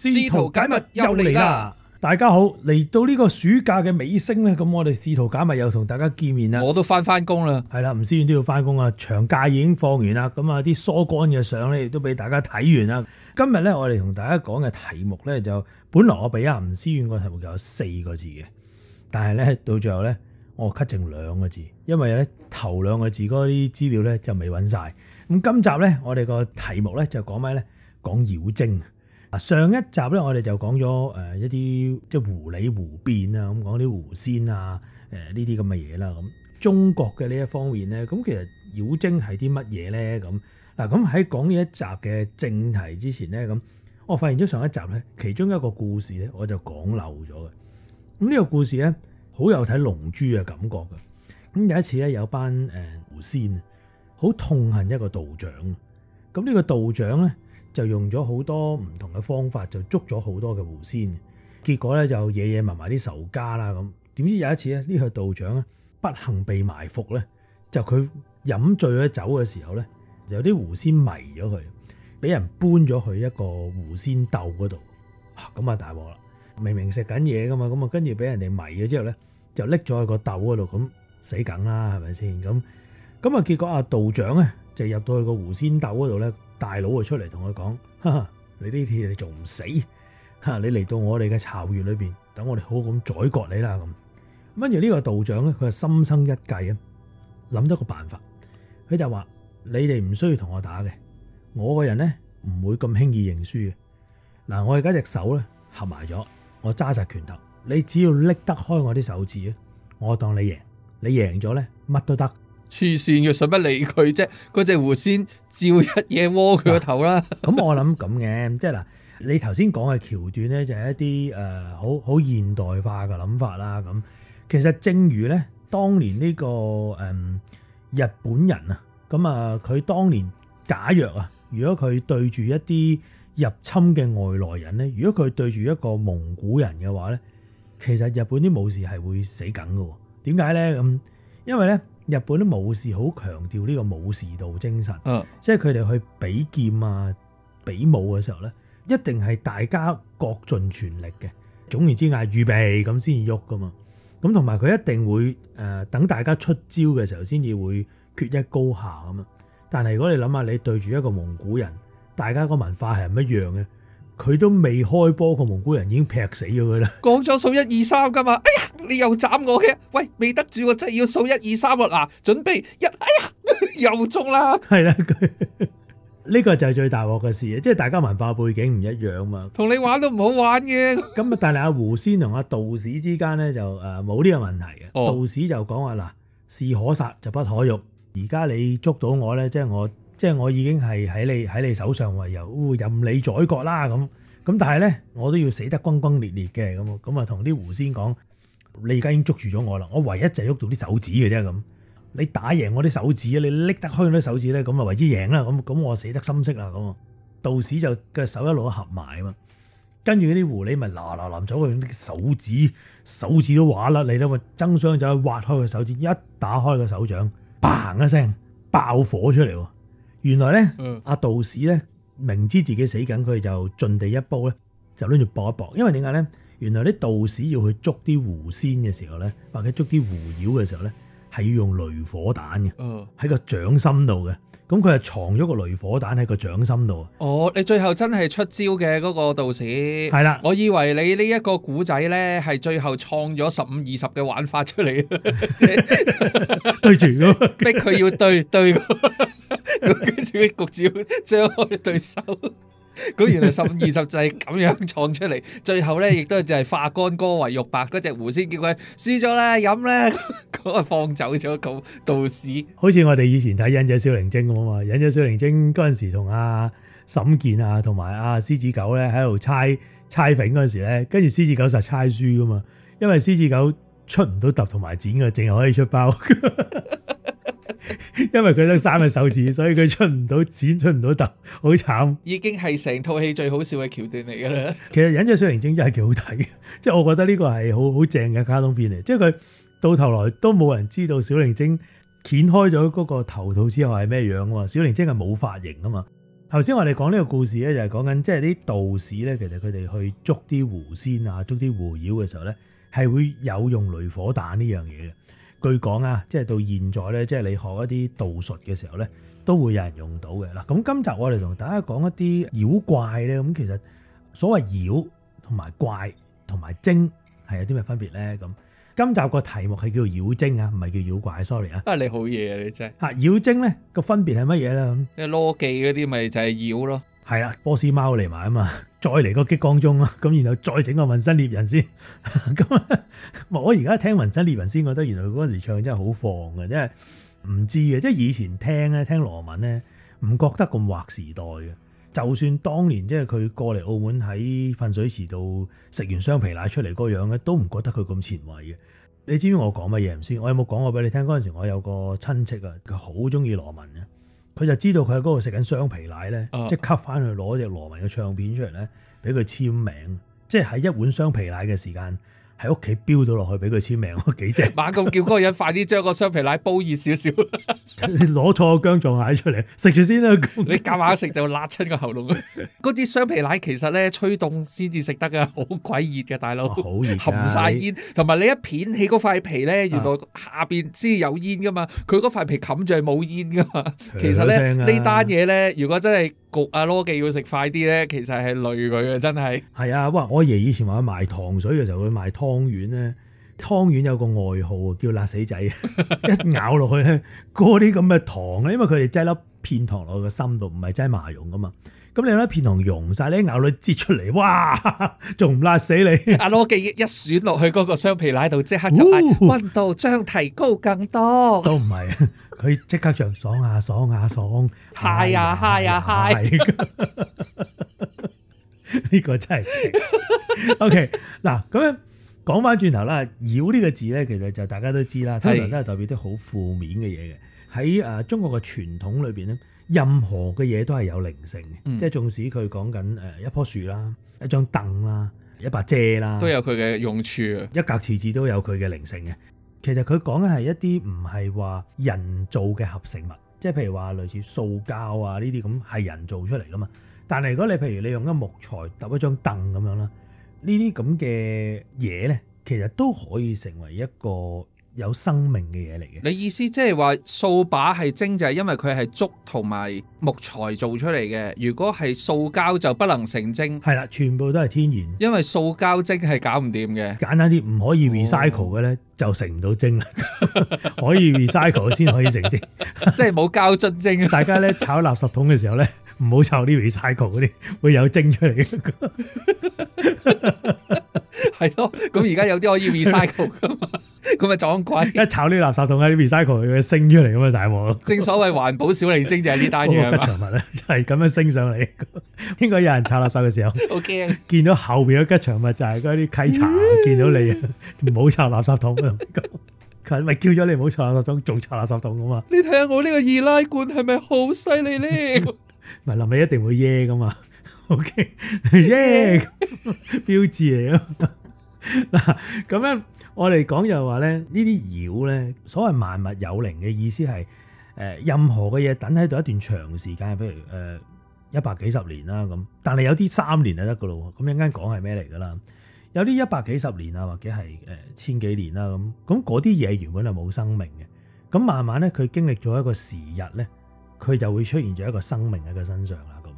試圖解密又嚟啦！大家好，嚟到呢個暑假嘅尾聲咧，咁我哋試圖解密又同大家見面啦。我都翻翻工啦，係啦，吳思遠都要翻工啊。長假已經放完啦，咁啊，啲疏干嘅相咧亦都俾大家睇完啦。今日咧，我哋同大家講嘅題目咧，就本來我俾阿吳思遠個題目就有四個字嘅，但係咧到最後咧，我 cut 剩兩個字，因為咧頭兩個字嗰啲資料咧就未揾晒。咁今集咧，我哋個題目咧就講咩咧？講妖精。嗱，上一集咧，我哋就講咗誒一啲即係狐狸狐變啊，咁講啲狐仙啊，誒呢啲咁嘅嘢啦。咁中國嘅呢一方面咧，咁其實妖精係啲乜嘢咧？咁嗱，咁喺講呢一集嘅正題之前咧，咁我發現咗上一集咧，其中一個故事咧，我就講漏咗嘅。咁、這、呢個故事咧，好有睇《龍珠》嘅感覺嘅。咁有一次咧，有班誒狐仙好痛恨一個道長，咁、這、呢個道長咧。就用咗好多唔同嘅方法，就捉咗好多嘅狐仙。結果咧就夜夜埋埋啲仇家啦咁。點知有一次咧，呢、這個道長咧不幸被埋伏咧，就佢飲醉咗酒嘅時候咧，有啲狐仙迷咗佢，俾人搬咗去一個狐仙竇嗰度。咁啊大鑊啦！明明食緊嘢噶嘛，咁啊跟住俾人哋迷咗之後咧，就拎咗去個竇嗰度咁死梗啦，係咪先咁？咁、嗯、啊結果啊，道長咧就入到去個狐仙竇嗰度咧。大佬啊，出嚟同佢講，你呢啲嘢你仲唔死？吓，你嚟到我哋嘅巢穴裏邊，等我哋好好咁宰割你啦咁。跟住呢個道長咧，佢係心生一計啊，諗咗個辦法，佢就話：你哋唔需要同我打嘅，我個人咧唔會咁輕易認輸嘅。嗱，我而家隻手咧合埋咗，我揸晒拳頭，你只要拎得開我啲手指啊，我當你贏，你贏咗咧乜都得。黐線嘅，使乜理佢啫？嗰隻狐仙照一嘢窩佢個頭啦！咁我諗咁嘅，即係嗱，你頭先講嘅橋段咧，就係一啲誒好好現代化嘅諗法啦。咁其實正如咧，當年呢個誒日本人啊，咁啊佢當年假若啊，如果佢對住一啲入侵嘅外來人咧，如果佢對住一個蒙古人嘅話咧，其實日本啲武士係會死梗㗎。點解咧？咁因為咧。日本啲武士好強調呢個武士道精神，啊、即係佢哋去比劍啊、比武嘅時候咧，一定係大家各盡全力嘅。總而言之，嗌預備咁先至喐㗎嘛。咁同埋佢一定會誒等大家出招嘅時候先至會決一高下咁啊。但係如果你諗下，你對住一個蒙古人，大家個文化係唔一樣嘅。佢都未開波，個蒙古人已經劈死咗佢啦。講咗數一二三噶嘛？哎呀，你又斬我嘅！喂，未得住我，真係要數一二三喎！嗱，準備一，哎呀，又捉啦！係啦，呢、這個就係最大鑊嘅事，即係大家文化背景唔一樣啊嘛。同你玩都唔好玩嘅。咁啊，但係阿胡仙同阿道士之間咧就冇呢個問題嘅。 道士就講話嗱，士可殺就不可辱。而家你捉到我咧，即、就、係、是、我。即係我已經係喺你喺你手上為由，任你宰割啦咁。咁但係咧，我都要死得轟轟烈烈嘅咁。咁啊，同啲狐仙講：你而家已經捉住咗我啦！我唯一就係喐到啲手指嘅啫咁。你打贏我啲手指，你拎得開嗰啲手指咧，咁啊為之贏啦。咁咁我死得心色啦。咁道士就隻手一路合埋啊嘛。跟住啲狐狸咪嗱嗱臨走，用啲手指手指都畫啦，你咧爭相就挖開個手指，一打開個手掌嘭一聲爆火出嚟喎！原來咧，阿、嗯、道士咧明知自己死緊，佢就盡地一煲，咧，就拎住搏一搏。因為點解咧？原來啲道士要去捉啲狐仙嘅時候咧，或者捉啲狐妖嘅時候咧，係要用雷火彈嘅，喺個掌心度嘅。咁佢係藏咗個雷火彈喺個掌心度。哦，你最後真係出招嘅嗰、嗰個道士係啦，我以為你呢一個古仔咧，係最後創咗十五二十嘅玩法出嚟， 對住咯、嗰個，逼佢要對對、嗰個。跟住佢各自張開對手，咁原來十五二十就係咁樣創出嚟，最後咧亦都係就係化干戈為玉帛隻叫。嗰隻狐仙叫佢輸咗啦，飲啦，嗰個放走咗個道士。好似我哋以前睇《忍者小靈精》咁啊嘛，《忍者小靈精》嗰陣時同阿沈健啊，同埋阿獅子狗咧喺度猜猜餅嗰陣時咧，跟住獅子狗實猜輸噶嘛，因為獅子狗出唔到揼同埋剪嘅，淨係可以出包。 因為佢都三個手指，所以佢出唔到剪，出唔到突，好慘。已經係成套戲最好笑嘅橋段嚟噶啦。其實忍者小靈精真係幾好睇嘅。即係我覺得呢個係好好正嘅卡通片嚟。即係佢到頭來都冇人知道小靈精掀開咗嗰個頭套之後係咩樣啊？小靈精係冇髮型啊嘛。頭先我哋講呢個故事咧，就係講緊即係啲道士咧，其實佢哋去捉啲狐仙啊、捉啲狐妖嘅時候咧，係會有用雷火彈呢樣嘢嘅。據講啊，即係到現在咧，即係你學一啲道術嘅時候咧，都會有人用到嘅啦。咁今集我哋同大家講一啲妖怪咧，咁其實所謂妖同埋怪同埋精係有啲咩分別咧？咁今集個題目係叫做妖精啊，唔係叫妖怪，sorry 啊。啊，你好嘢啊，你真係妖精咧，個分別係乜嘢咧？咁即係籮記嗰啲咪就係妖咯。係啊，波斯貓嚟埋啊嘛，再嚟個激光中啊，咁然後再整個《紋身獵人》先，咁 我而家聽《紋身獵人》先，覺得原來嗰陣時唱真係好放嘅，真係唔知啊。即係以前聽咧聽羅文咧，唔覺得咁劃時代嘅，就算當年即係佢過嚟澳門喺噴水池度食完雙皮奶出嚟嗰樣咧，都唔覺得佢咁前衞嘅。你知唔知我講乜嘢唔先？我有冇講過俾你聽？嗰陣時我有個親戚啊，佢好中意羅文啊。佢就知道佢喺嗰度食緊雙皮奶咧，即刻吸翻去攞隻羅文嘅唱片出嚟咧，俾佢簽名，即係喺一碗雙皮奶嘅時間。喺屋企飆到落去俾佢簽名，幾正？猛咁叫嗰個人快啲將個雙皮奶煲熱少少、 啊，你攞錯個姜撞奶出嚟食住先啦！你夾下食就辣親個喉嚨。嗰 啲雙皮奶其實咧，吹凍先至食得噶，好鬼、啊、熱嘅大佬，好熱含曬煙，同埋你一片起嗰塊皮咧、啊，原來下邊先有煙噶嘛，佢嗰塊皮冚住係冇煙噶嘛。其實咧呢單嘢咧，如果真係焗阿羅記要食快啲咧，其實係累佢嘅真係。係啊，哇！我阿爺以前話賣糖水嘅時候會賣湯。湯圓咧，湯圓有個外號叫辣死仔，一咬落去咧，嗰啲咁嘅糖，因為佢哋擠粒片糖落去個心度，唔係擠麻蓉噶嘛。咁你粒片糖溶曬，你咬落嚟擠出嚟，哇，仲唔辣死你？阿羅記一一吮落去嗰個雙皮奶、哦、度，即刻就溫度將提高更多。都唔係，佢即刻就爽下、啊、爽下、啊、爽，high 啊 high 啊 high 呢、 啊啊啊、 個真係正。O K，嗱咁樣。講翻轉頭啦，妖呢個字咧，其實就大家都知啦，通常都係代表啲好負面嘅嘢嘅。喺誒中國嘅傳統裏邊咧，任何嘅嘢都係有靈性嘅、嗯，即係縱使佢講緊誒一棵樹啦、一張凳啦、一把遮啦，都有佢嘅用處。一格廁紙都有佢嘅靈性嘅。其實佢講嘅係一啲唔係話人造嘅合成物，即係譬如話類似塑膠啊呢啲咁係人造出嚟噶嘛。但係如果你譬如你用一木材搭一張凳咁樣啦。呢啲咁嘅嘢呢，其實都可以成為一個有生命嘅嘢嚟嘅。你意思即係話掃把係精，就係因為佢係竹同埋木材做出嚟嘅，如果係塑膠就不能成精。係啦，全部都係天然。因為塑膠精係搞唔掂嘅。簡單啲，唔可以 recycle 嘅呢，就成唔到精啦。哦、 可以 recycle 先可以成精， 即係冇膠樽精。 大家呢，炒垃圾桶嘅時候呢。唔好炒呢啲 recycle 嗰啲，會有蒸出嚟嘅。 係咯，咁而家有啲可以 recycle 噶嘛，咁 咪撞鬼！一炒呢啲垃圾桶啊，啲 recycle 會升出嚟噶嘛，大鑊。正所謂環保小利精， 就係呢單嘢啊。吉祥物咧，係咁樣升上嚟。應該有人拆垃圾嘅時候， 好驚。見到後邊嗰吉祥物就係嗰啲稽查， 見到你唔好拆垃圾桶啊！佢咪叫咗你唔好拆垃圾桶，仲 拆 垃圾桶噶嘛？你睇下我個是是呢個易拉罐係咪好犀利咧？ 唔係林尾一定會耶噶嘛？OK 耶標誌嚟咯。嗱 咁樣我嚟講就話咧，呢啲妖咧，所謂萬物有靈嘅意思係誒，任何嘅嘢等喺度一段長時間，譬如誒、呃、一百幾十年啦咁，但係有啲三年就得噶咯。咁一陣間講係咩嚟噶啦？有啲一百幾十年啊，或者係誒千幾年啦咁，咁嗰啲嘢原本係冇生命嘅，咁慢慢咧佢經歷咗一個時日咧。佢就會出現咗一個生命喺佢身上啦咁，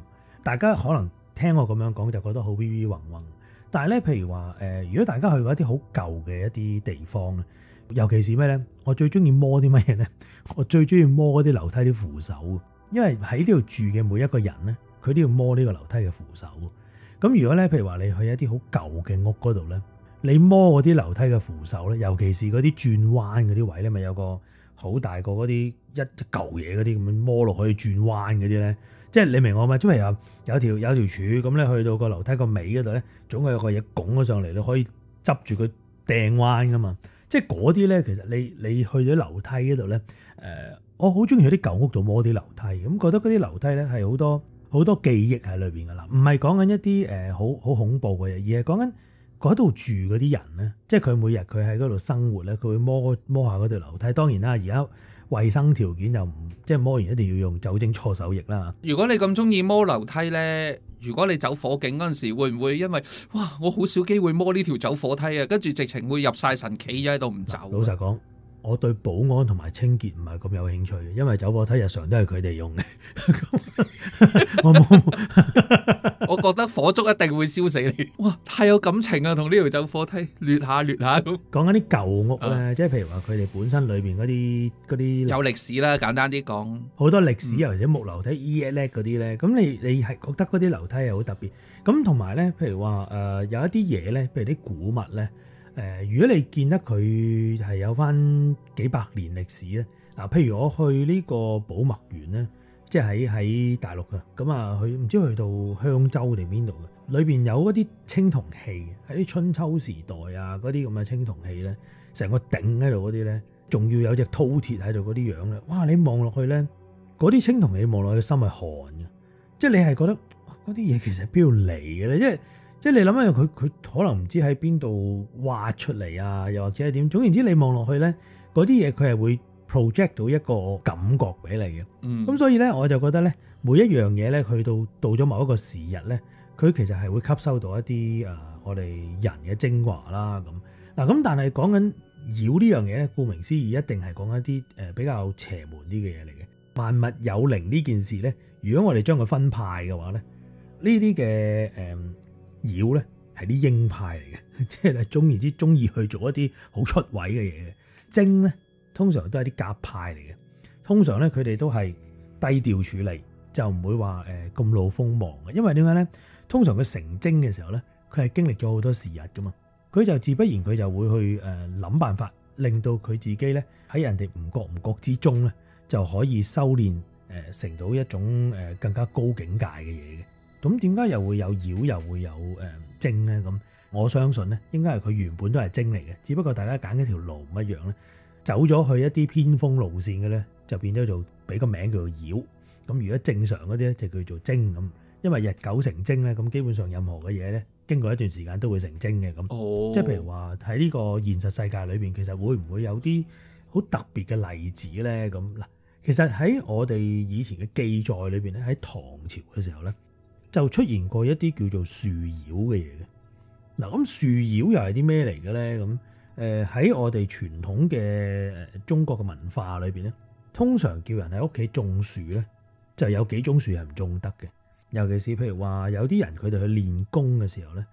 大家可能聽我咁樣講就覺得好微微渾渾，但係咧，譬如話誒、呃，如果大家去過一啲好舊嘅一啲地方，尤其是咩咧，我最中意摸啲乜嘢咧，我最中意摸嗰啲樓梯啲扶手，因為喺呢度住嘅每一個人咧，佢都要摸呢個樓梯嘅扶手。咁如果咧，譬如話你去一啲好舊嘅屋嗰度咧，你摸嗰啲樓梯嘅扶手咧，尤其是嗰啲轉彎嗰啲位咧，咪、就是、有個。好大個嗰啲一舊嘢嗰啲咁樣摸落去轉彎嗰啲咧，即係你明我咪？即係有條有條有條柱咁咧，去到個樓梯尾個尾嗰度咧，總係有個嘢拱咗上嚟，你可以執住佢掟彎噶嘛。即係嗰啲咧，其實你你去到樓梯嗰度咧，誒，我好中意去啲舊屋度摸啲樓梯，咁覺得嗰啲樓梯咧係好多好多記憶喺裏邊噶啦，唔係講緊一啲誒好好恐怖嘅嘢，而係講緊。嗰度住嗰啲人咧，即係佢每日佢喺嗰度生活咧，佢會摸摸下嗰條樓梯。當然啦，而家衞生條件就唔即係摸完一定要用酒精搓手液啦。如果你咁中意摸樓梯咧，如果你走火警嗰陣時，會唔會因為哇，我好少機會摸呢條走火梯啊？跟住直情會入晒神企咗喺度唔走。老實講。我對保安同埋清潔唔係咁有興趣，因為走火梯日常都係佢哋用嘅。我冇，我覺得火燭一定會燒死你。哇！太有感情啊，同呢條走火梯，虐下虐下咁。講緊啲舊屋咧、啊，即係譬如話佢哋本身裏邊嗰啲嗰啲有歷史啦，簡單啲講，好多歷史又或者木樓梯、e at 嗰啲咧。咁你你係覺得嗰啲樓梯係好特別？咁同埋咧，譬如話誒、呃，有一啲嘢咧，譬如啲古物咧。誒，如果你見得佢係有翻幾百年歷史咧，嗱，譬如我去呢個寶墨園咧，即係喺喺大陸啊，咁啊，去唔知去到香洲定邊度嘅，裏邊有一啲青銅器，喺啲春秋時代啊嗰啲咁嘅青銅器咧，成個頂喺度嗰啲咧，仲要有隻饕餮喺度嗰啲樣咧，哇！你望落去咧，嗰啲青銅器望落去心係寒嘅，即係你係覺得嗰啲嘢其實係邊度嚟嘅咧，即係你諗一佢佢可能唔知喺邊度挖出嚟啊，又或者係點。總言之你看，你望落去咧，嗰啲嘢佢係會 project 到一個感覺俾你嘅。咁、嗯、所以咧，我就覺得咧，每一樣嘢咧，去到到咗某一個時日咧，佢其實係會吸收到一啲誒、啊、我哋人嘅精華啦。咁嗱，咁、啊、但係講緊妖呢樣嘢咧，顧名思義一定係講緊一啲誒比較邪門啲嘅嘢嚟嘅。萬物有靈呢件事咧，如果我哋將佢分派嘅話咧，呢啲嘅誒。嗯妖咧係啲鷹派嚟嘅，即係咧總言之，中意去做一啲好出位嘅嘢。精咧通常都係啲鴿派嚟嘅，通常咧佢哋都係低調處理，就唔會話呃、咁露鋒芒嘅。因為點解咧？通常佢成精嘅時候咧，佢係經歷咗好多時日噶嘛，佢就自不然佢就會去呃、諗辦法，令到佢自己咧喺人哋唔覺唔覺之中咧就可以修煉、呃、成到一種更加高境界嘅嘢嘅。咁點解又會有妖，又會有誒精咧？咁我相信咧，應該係佢原本都係精嚟嘅，只不過大家揀一條路唔一樣咧，走咗去一啲偏鋒路線嘅咧，就變咗做俾個名叫做妖。咁如果正常嗰啲咧，就叫做精咁。因為日久成精咧，咁基本上任何嘅嘢咧，經過一段時間都會成精嘅咁。即係譬如話喺呢個現實世界裏邊，其實會唔會有啲好特別嘅例子咧？咁嗱，其實喺我哋以前嘅記載裏邊咧，喺唐朝嘅時候咧。就出現過一啲叫做樹妖嘅嘢嘅嗱。咁樹妖又係啲咩嚟嘅咧？咁誒喺我哋傳統嘅中國嘅文化裏邊咧，通常叫人喺屋企種樹咧，就有幾種樹係唔種得嘅。尤其是譬如話有啲人佢哋去練功嘅時候咧，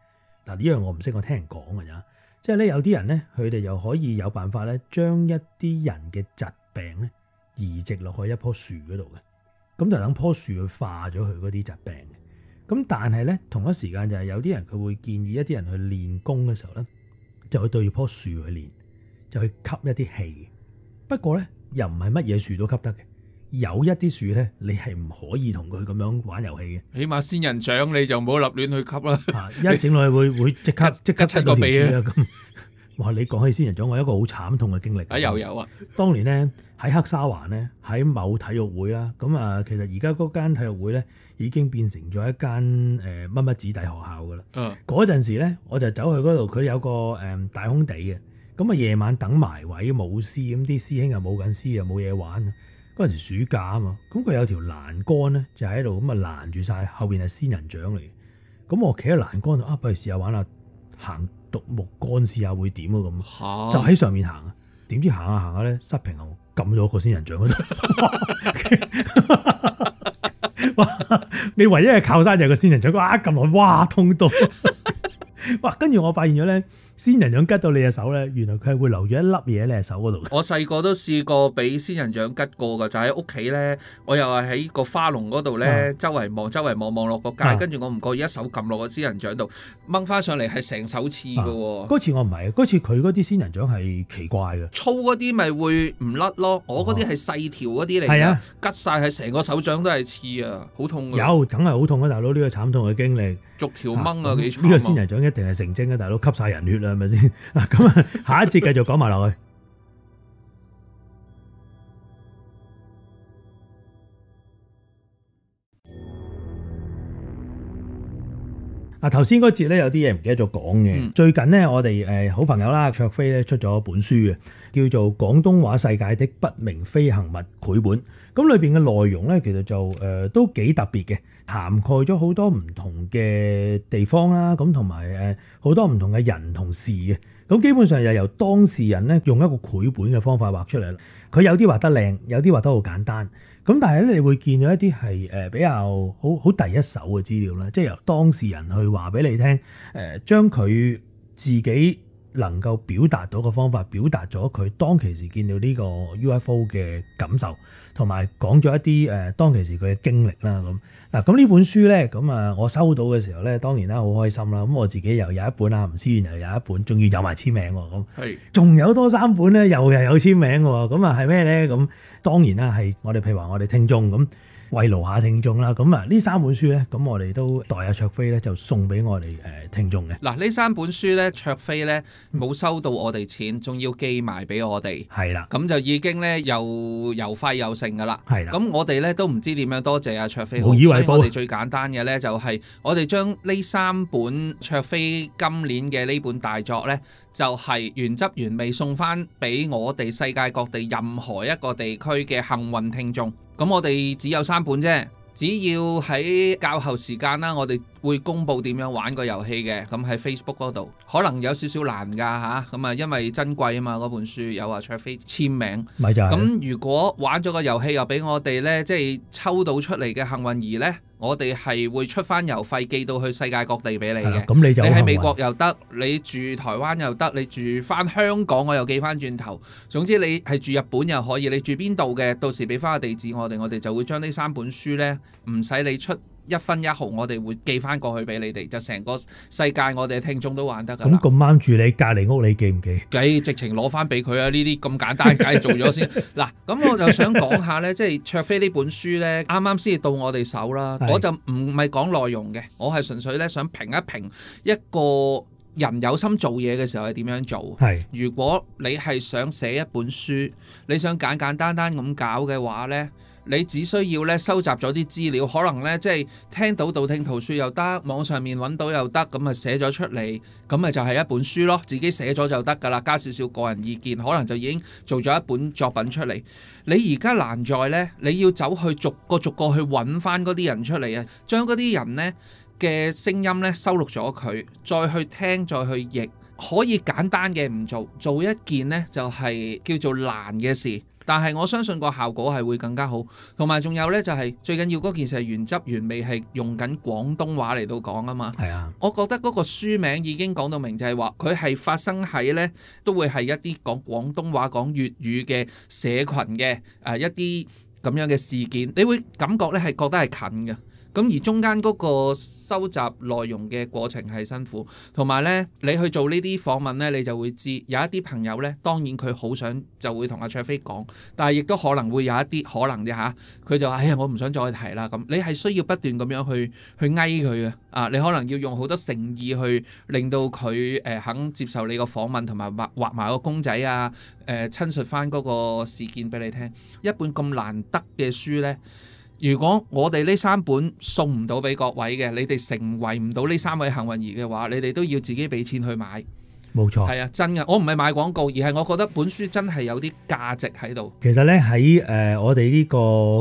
嗱，呢樣我唔識，我聽人講㗎咋，即係咧，有啲人咧，佢哋又可以有辦法咧，將一啲人嘅疾病咧，移植落去一棵樹嗰度嘅，咁就等棵樹去化咗佢嗰啲疾病。咁但係咧，同一時間就係有啲人佢會建議一啲人去練功嘅時候咧，就去對樖樹去練，就去吸一啲氣。不過咧，又唔係乜嘢樹都吸得嘅，有一啲樹咧，你係唔可以同佢咁樣玩遊戲嘅。起碼仙人掌你就唔好立亂去吸啦， 一整落去會即刻即刻出個鼻啊咁。 哇！你講起仙人掌，我一個好慘痛嘅經歷啊！又、呃、有，有啊！當年咧喺黑沙環咧，喺某體育會啦。咁啊，其實而家嗰間體育會咧已經變成咗一間誒乜乜子弟學校㗎啦。嗯。嗰陣時咧，我就走去嗰度，佢有個誒大空地嘅。咁啊，夜晚等埋位冇師，咁啲師兄又冇緊師，又冇嘢玩。嗰陣時暑假啊嘛，咁佢有條欄杆咧，就喺度咁啊，攔住晒。後邊係仙人掌嚟。咁我企喺欄杆度啊，不如試下玩下行。獨木杆試下會點啊，咁，就喺上面行，點知行下行下咧，失平衡，撳咗個仙人掌嗰度。 你唯一嘅靠山就係個仙人掌，哇，撳落去，哇，痛到。哇，跟住我發現咗咧。仙人掌吉到你隻手咧，原來佢係會留住一粒嘢喺手嗰度。我細個都試過俾仙人掌吉過嘅，就喺屋企咧，我又係喺個花籠嗰度咧，周圍望，周圍望，望落個街，跟住我唔覺意一手撳落個仙人掌度，掹翻上嚟係成手刺嘅。嗰次我唔係，嗰次佢嗰啲仙人掌係奇怪嘅，粗嗰啲咪會唔甩咯，我嗰啲係細條嗰啲嚟嘅，吉晒係成個手掌都係刺啊，好痛嘅。有，梗係好痛啊，大佬呢、呢個慘痛嘅經歷，啊、逐條掹啊幾慘啊！呢個仙人掌一定係成精嘅，大佬吸晒人血啊！係咪先？嗱，咁啊，下一節繼續講埋落去。嗱，頭先嗰節咧有啲嘢唔記得咗講嘅。最近咧，我哋誒好朋友啦，卓飛咧出咗本書嘅，叫做《廣東話世界的不明飛行物繪本》。咁裏面嘅內容咧，其實就、呃、都幾特別嘅，涵蓋咗好多唔同嘅地方啦。咁同埋誒好多唔同嘅人同事嘅。咁基本上又由當事人咧用一個繪本嘅方法畫出嚟啦。佢有啲畫得靚，有啲畫得好簡單。咁但係咧，你會見到一啲係誒比較好好第一手嘅資料啦，即係由當事人去話俾你聽，誒將佢自己，能夠表達到嘅方法，表達咗佢當其時見到呢個 UFO 嘅感受，同埋講咗一啲誒當其時佢嘅經歷啦咁。嗱咁呢本書咧咁啊，我收到嘅時候咧，當然啦好開心啦。咁我自己又有一本啦，吳思源又有一本，仲要有埋簽名喎。咁係，仲有多三本咧，又又有簽名喎。咁啊係咩咧？咁當然啦，係我哋譬如話我哋聽眾咁。慰勞下聽眾啦，咁啊呢三本書呢，咁我哋都代阿、啊、卓飛呢，就送俾我哋誒聽眾嘅。嗱，呢三本書呢，卓飛呢，冇收到我哋錢，仲、嗯、要寄埋俾我哋，係啦，咁就已經呢，又又郵費又剩噶啦，係啦。咁我哋呢，都唔知點樣多謝阿、啊、卓好飛，以為以我哋最簡單嘅呢，就係我哋將呢三本卓飛今年嘅呢本大作呢，就係原汁原味送翻俾我哋世界各地任何一個地區嘅幸運聽眾。咁我哋只有三本啫，只要喺較後時間啦，我哋會公布點樣玩個遊戲嘅。咁喺 Facebook 嗰度，可能有少少難㗎嚇。咁啊，因為珍貴啊嘛，嗰本書有阿卓飛簽名，咪就係。咁如果玩咗個遊戲又俾我哋呢，即係抽到出嚟嘅幸運兒呢。我哋係會出翻郵費寄到去世界各地俾你嘅。咁你就你喺美國又得，你住台灣又得，你住翻香港我又寄翻轉頭。總之你係住日本又可以，你住邊度嘅，到時俾翻個地址我哋，我哋就會將呢三本書呢，唔使你出。一分一毫我哋會寄翻過去俾你哋，就成個世界我哋聽眾都玩得㗎。咁咁啱住你隔離屋，你寄唔寄？寄，直情攞翻俾佢啊！呢啲咁簡單，梗係做咗先。嗱，咁我就想講下咧，即係卓飛呢本書咧，啱啱先至到我哋手啦。我就唔係講內容嘅，我係純粹咧想評一評一個人有心做嘢嘅時候係點樣做。係，如果你係想寫一本書，你想簡簡單單咁搞嘅話咧。你只需要咧收集咗啲資料，可能呢，即係聽到道聽途說又得，網上面揾到又得，咁啊寫咗出嚟，咁咪就係一本書咯，自己寫咗就得噶啦，加少少個人意見，可能就已經做咗一本作品出嚟。你而家難在呢，你要走去逐個逐個去揾翻嗰啲人出嚟啊，將嗰啲人呢嘅聲音呢，收錄咗佢，再去聽，再去譯，可以簡單嘅唔做，做一件呢就係叫做難嘅事。但係我相信個效果係會更加好，同埋仲有呢，就係最緊要嗰件事係原汁原味係用緊廣東話嚟到講啊嘛。係啊，我覺得嗰個書名已經講到明就，就係話佢係發生喺呢，都會係一啲講廣東話講粵語嘅社群嘅誒一啲咁樣嘅事件，你會感覺呢，係覺得係近嘅。咁而中間嗰個收集內容嘅過程係辛苦，同埋呢，你去做呢啲訪問呢，你就會知有一啲朋友呢，當然佢好想就會同阿卓飛講，但係亦都可能會有一啲可能嘅。嚇，佢就話哎呀，我唔想再提啦咁。你係需要不斷咁樣去去哀佢啊！你可能要用好多誠意去令到佢、呃、肯接受你個訪問，同埋畫畫埋個公仔啊，誒、呃、親述翻嗰個事件俾你聽。一本咁難得嘅書呢。如果我哋呢三本送唔到俾各位嘅，你哋成為唔到呢三位幸運兒嘅話，你哋都要自己俾錢去買。冇錯，係啊，真㗎。我唔係買廣告，而係我覺得本書真係有啲價值喺度。其實呢，喺我哋呢個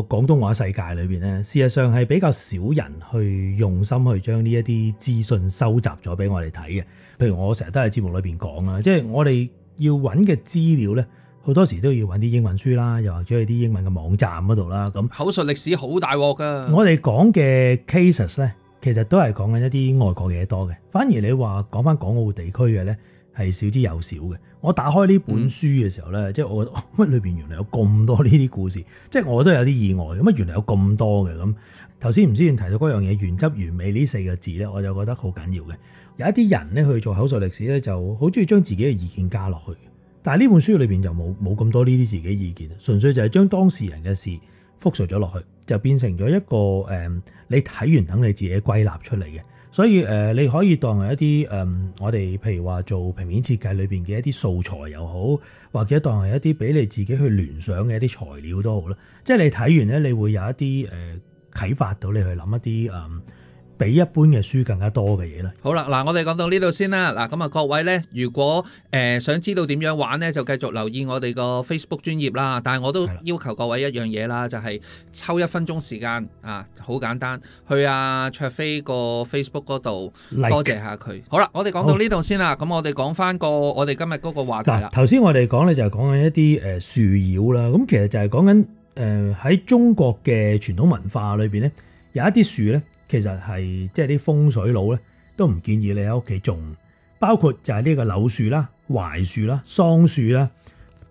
廣東話世界裏邊呢，事實上係比較少人去用心去將呢一啲資訊收集咗俾我哋睇嘅。譬如我成日都喺節目裏面講啊，即係我哋要揾嘅資料呢。好多時都要揾啲英文書啦，又或者去啲英文嘅網站嗰度啦。咁口述歷史好大鑊㗎。我哋講嘅 cases 咧，其實都係講緊一啲外國嘢多嘅，反而你話講翻港澳地區嘅咧，係少之又少嘅。我打開呢本書嘅時候咧，即、嗯、係我乜裏面原來有咁多呢啲故事，即係我都有啲意外。咁啊，原來有咁多嘅。咁頭先吳思遠提到嗰樣嘢，原汁原味呢四個字咧，我就覺得好緊要嘅。有一啲人咧去做口述歷史咧，就好中意將自己嘅意見加落去。但係呢本書裏邊就冇冇咁多呢啲自己意見，純粹就係將當事人嘅事複述咗落去，就變成咗一個誒、呃，你睇完等你自己歸納出嚟嘅。所以誒、呃，你可以當係一啲誒、呃，我哋譬如話做平面設計裏邊嘅一啲素材又好，或者當係一啲俾你自己去聯想嘅一啲材料都好啦。即係你睇完咧，你會有一啲誒啟發到你去諗一啲誒。呃比一般嘅書更加多嘅嘢咧。好啦，嗱，我哋講到呢度先啦。嗱，咁啊，各位呢，如果誒想知道點樣玩呢，就繼續留意我哋個 Facebook 專頁啦。但係我都要求各位一樣嘢啦，就係、是、抽一分鐘時間啊，好簡單，去啊卓飛個 Facebook 嗰度、like、多謝下佢。好啦，我哋講到呢度先啦。咁我哋講翻個我哋今日嗰個話題啦。頭先我哋講呢，就係講緊一啲誒樹妖啦。咁其實就係講緊誒喺中國嘅傳統文化裏邊呢，有一啲樹呢。其實係即係啲風水佬咧，都唔建議你喺屋企種，包括就係呢個柳樹啦、槐樹啦、桑樹啦。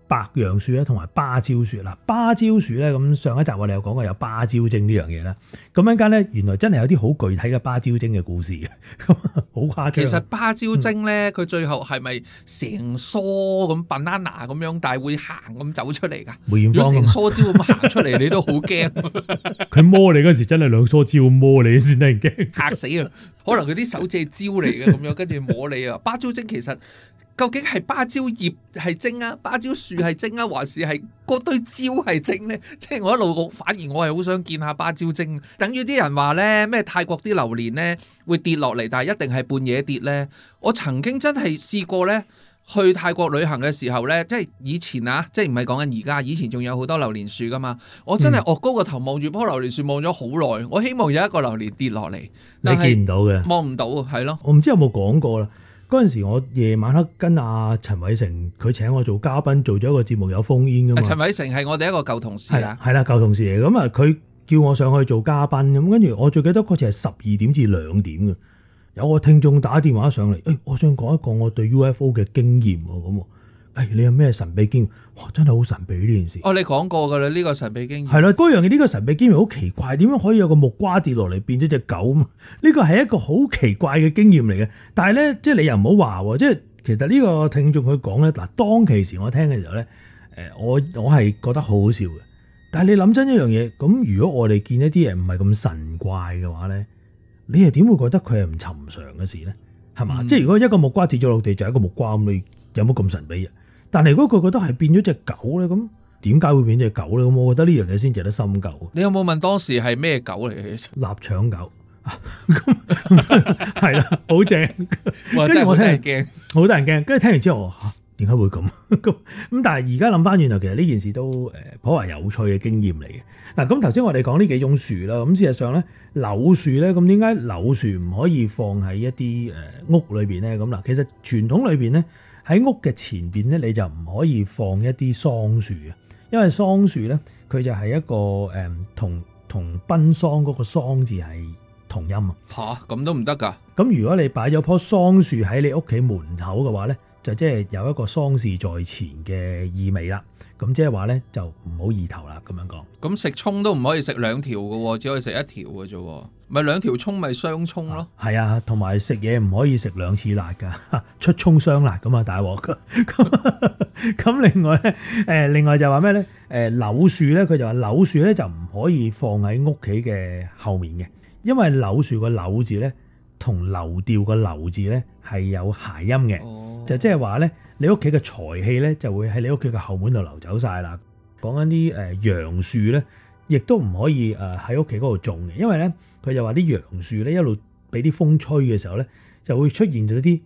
白楊樹咧，同埋芭蕉樹啦。芭蕉樹咧，咁上一集我哋有講過有芭蕉精呢樣嘢啦。咁陣間咧，原來真係有啲好具體嘅芭蕉精嘅故事嘅，好誇張。其實芭蕉精咧，佢最後係咪成梳咁 banana 咁樣，但係會行咁走出嚟噶？成梳蕉咁行出嚟，你都好驚。佢 摸你嗰時真係兩梳蕉摸你先得，驚嚇死啊！可能佢啲手指係蕉嚟嘅咁樣，跟住摸你啊！芭蕉精其實。究竟係芭蕉葉係精啊，芭蕉樹係精啊，還是係嗰堆蕉係精呢？即係我一路，反而我係好想見下芭蕉精。等於啲人話呢，咩泰國啲榴蓮呢會跌落嚟，但係一定係半夜跌呢。我曾經真係試過呢，去泰國旅行嘅時候呢，即係以前啊，即係唔係講緊而家，以前仲有好多榴蓮樹噶嘛。我真係昂高個頭望住棵榴蓮樹望咗好耐，我希望有一個榴蓮跌落嚟，你見唔到嘅，望唔到，係咯。我唔知有冇講過啦。嗰陣時，我夜晚黑跟阿陳偉成，佢請我做嘉賓，做咗一個節目有 phone in 㗎嘛。陳偉成係我哋一個舊同事。係啦，係啦，舊同事嚟，咁啊佢叫我上去做嘉賓咁，跟住我最記得嗰次係十二點至兩點嘅，有個聽眾打電話上嚟，誒，我想講一個我對 UFO 嘅經驗咁。你有咩神秘經驗？哇，真係好神秘呢件事。哦，你講過噶啦，呢、這個神秘經驗係啦，嗰樣嘢，呢個神秘經驗好奇怪，點樣可以有一個木瓜跌落嚟，變咗隻狗？呢個係一個好奇怪嘅經驗嚟嘅。但係咧，即係你又唔好話，即係其實呢個聽眾佢講咧嗱，當其時我聽嘅時候咧，誒，我我係覺得好好笑嘅。但係你諗真一樣嘢，咁如果我哋見一啲嘢唔係咁神怪嘅話咧，你又點會覺得佢係唔尋常嘅事咧？係嘛？即、嗯、係如果一個木瓜跌咗落地就係、是、一個木瓜咁，你有冇咁神秘啊？但係如果佢覺得係變咗隻狗咧，咁點解會變隻狗咧？咁我覺得呢樣嘢先值得深究。你有冇問當時係咩狗嚟嘅？臘腸狗，係 啦，好正。跟住我聽，好得人驚。跟 住聽完之後，點解、啊、會咁？咁但係而家諗翻轉頭其實呢件事都誒頗為有趣嘅經驗嚟嘅。嗱，咁頭先我哋講呢幾種樹啦，咁事實上咧柳樹咧，咁點解柳樹唔可以放喺一啲屋裏面咧？咁嗱，其實傳統裏面咧。喺屋嘅前邊咧，你就唔可以放一啲桑樹啊，因為桑樹咧，佢就係一個誒同同奔喪嗰個桑字係同音啊。吓，咁都唔得㗎？咁如果你擺咗棵桑樹喺你屋企門口嘅話咧，就即係有一個喪事在前嘅意味啦，咁即係話咧就唔好意頭啦，咁樣講。咁食葱都唔可以食兩條嘅喎，只可以食一條嘅啫，咪兩條葱咪雙葱咯。係啊，同埋食嘢唔可以食兩次辣噶，出葱雙辣咁啊！大鑊咁咁， 另外咧誒，另外就話咩咧？誒柳樹咧，佢就話柳樹咧就唔可以放喺屋企嘅後面嘅，因為柳樹個柳字咧。同流掉個流字咧係有諧音嘅，就即係話咧，你屋企嘅財氣咧就會喺你屋企嘅後門度流走晒啦。講緊啲誒楊樹咧，亦都唔可以誒喺屋企嗰度種嘅，因為咧佢就話啲楊樹咧一路俾啲風吹嘅時候咧，就會出現咗啲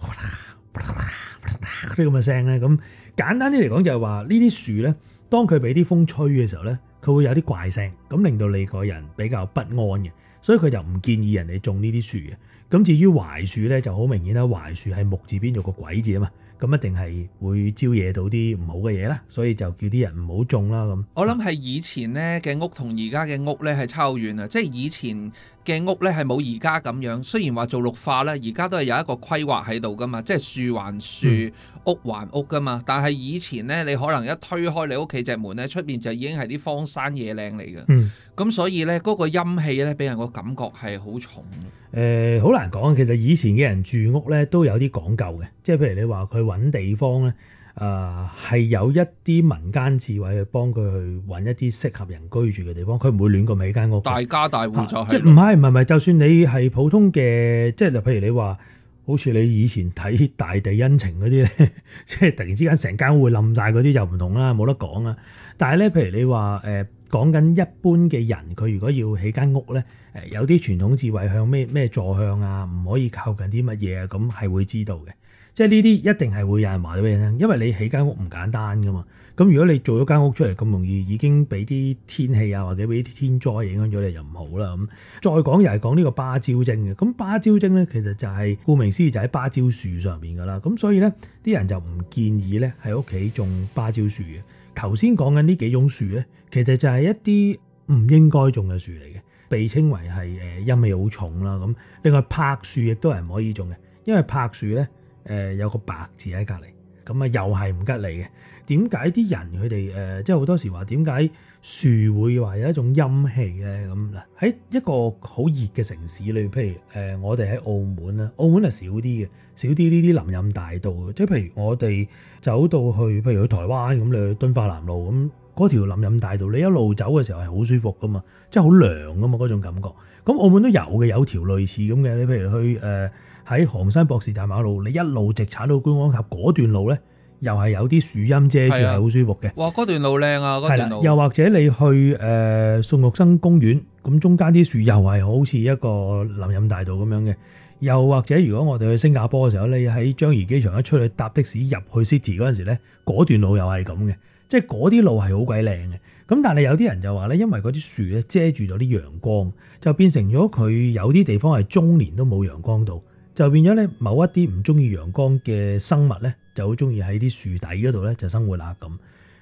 嗚啦嗚啦嗚啦啲咁嘅聲咧。咁簡單啲嚟講就係話呢啲樹咧，當佢俾啲風吹嘅時候咧，佢會有啲怪聲，咁令到你個人比較不安嘅。所以佢就唔建議人哋種呢啲樹嘅。咁至於槐樹呢，就好明顯啦。槐樹係木字邊做個鬼字啊嘛，咁一定係會招惹到啲唔好嘅嘢啦。所以就叫啲人唔好種啦。咁，嗯，我諗係以前呢嘅屋同而家嘅屋呢係差好遠啊！即係以前嘅屋咧，係冇而家咁樣，雖然話做綠化咧，而家都係有一個規劃喺度噶嘛，即係樹還樹，嗯、屋還屋噶嘛。但係以前咧，你可能一推開你屋企隻門咧，出面就已經係啲荒山野嶺嚟嘅。咁、嗯、所以咧，嗰個陰氣咧，俾人個感覺係好重。誒，好難講。其實以前嘅人住屋咧，都有啲講究嘅，即係譬如你話佢搵地方咧。誒係有一啲民間智慧去幫佢去揾一啲適合人居住嘅地方，佢唔會亂咁起間屋，大家大戶，即係唔係唔係唔係就算你係普通嘅，即係譬如你話好似你以前睇大地恩情嗰啲，即 係突然之間成間屋冧曬嗰啲就唔同啦，冇得講啊。但係咧，譬如你話誒講緊一般嘅人，佢如果要起間屋咧，誒有啲傳統智慧向咩咩坐向啊，唔可以靠近啲乜嘢啊，咁係會知道嘅。即係呢啲一定係會有人話俾俾你聽，因為你起間屋唔簡單噶嘛。咁如果你做咗間屋出嚟咁容易，已經俾啲天氣啊或者俾啲天災影響咗你，就唔好啦。咁再講又係講呢個芭蕉精嘅。咁芭蕉精咧，其實就係、是、顧名思義就喺芭蕉樹上面噶啦。咁所以咧啲人就唔建議咧喺屋企種芭蕉樹嘅。頭先講緊呢幾種樹咧，其實就係一啲唔應該種嘅樹嚟嘅，被稱為係誒陰氣好重啦。咁另外柏樹亦都係唔可以種嘅，因為柏樹咧。誒、呃、有個白字喺隔離，咁啊又係唔吉利嘅。點解啲人佢哋、呃、即係好多時話點解樹會話有一種陰氣咧？咁嗱喺一個好熱嘅城市裏，譬如、呃、我哋喺澳門，澳門係少啲嘅，少啲呢啲林蔭大道。即係譬如我哋走到去，譬如去台灣咁，你去敦化南路咁嗰條林蔭大道，你一路走嘅時候係好舒服㗎嘛，即係好涼㗎嘛。嗰種感覺。咁澳門都有嘅，有條類似咁嘅，你譬如去誒。呃喺何鴻燊博士大馬路，你一路直剷到觀光塔嗰段路咧，又係有啲樹蔭遮住，係好舒服嘅。哇！嗰段路靚啊，嗰段路。又或者你去誒、呃、宋玉生公園，咁中間啲樹又係好似一個林蔭大道咁樣嘅。又或者如果我哋去新加坡嘅時候，你喺樟宜機場一出去搭的士入去，去 City 嗰陣時咧，嗰段路又係咁嘅，即係嗰啲路係好鬼靚嘅。咁但係有啲人就話咧，因為嗰啲樹咧遮住咗啲陽光，就變成咗佢有啲地方係中年都冇陽光度。就變咗咧，某一啲唔中意陽光嘅生物咧，就好中意喺啲樹底嗰度咧就生活啦咁。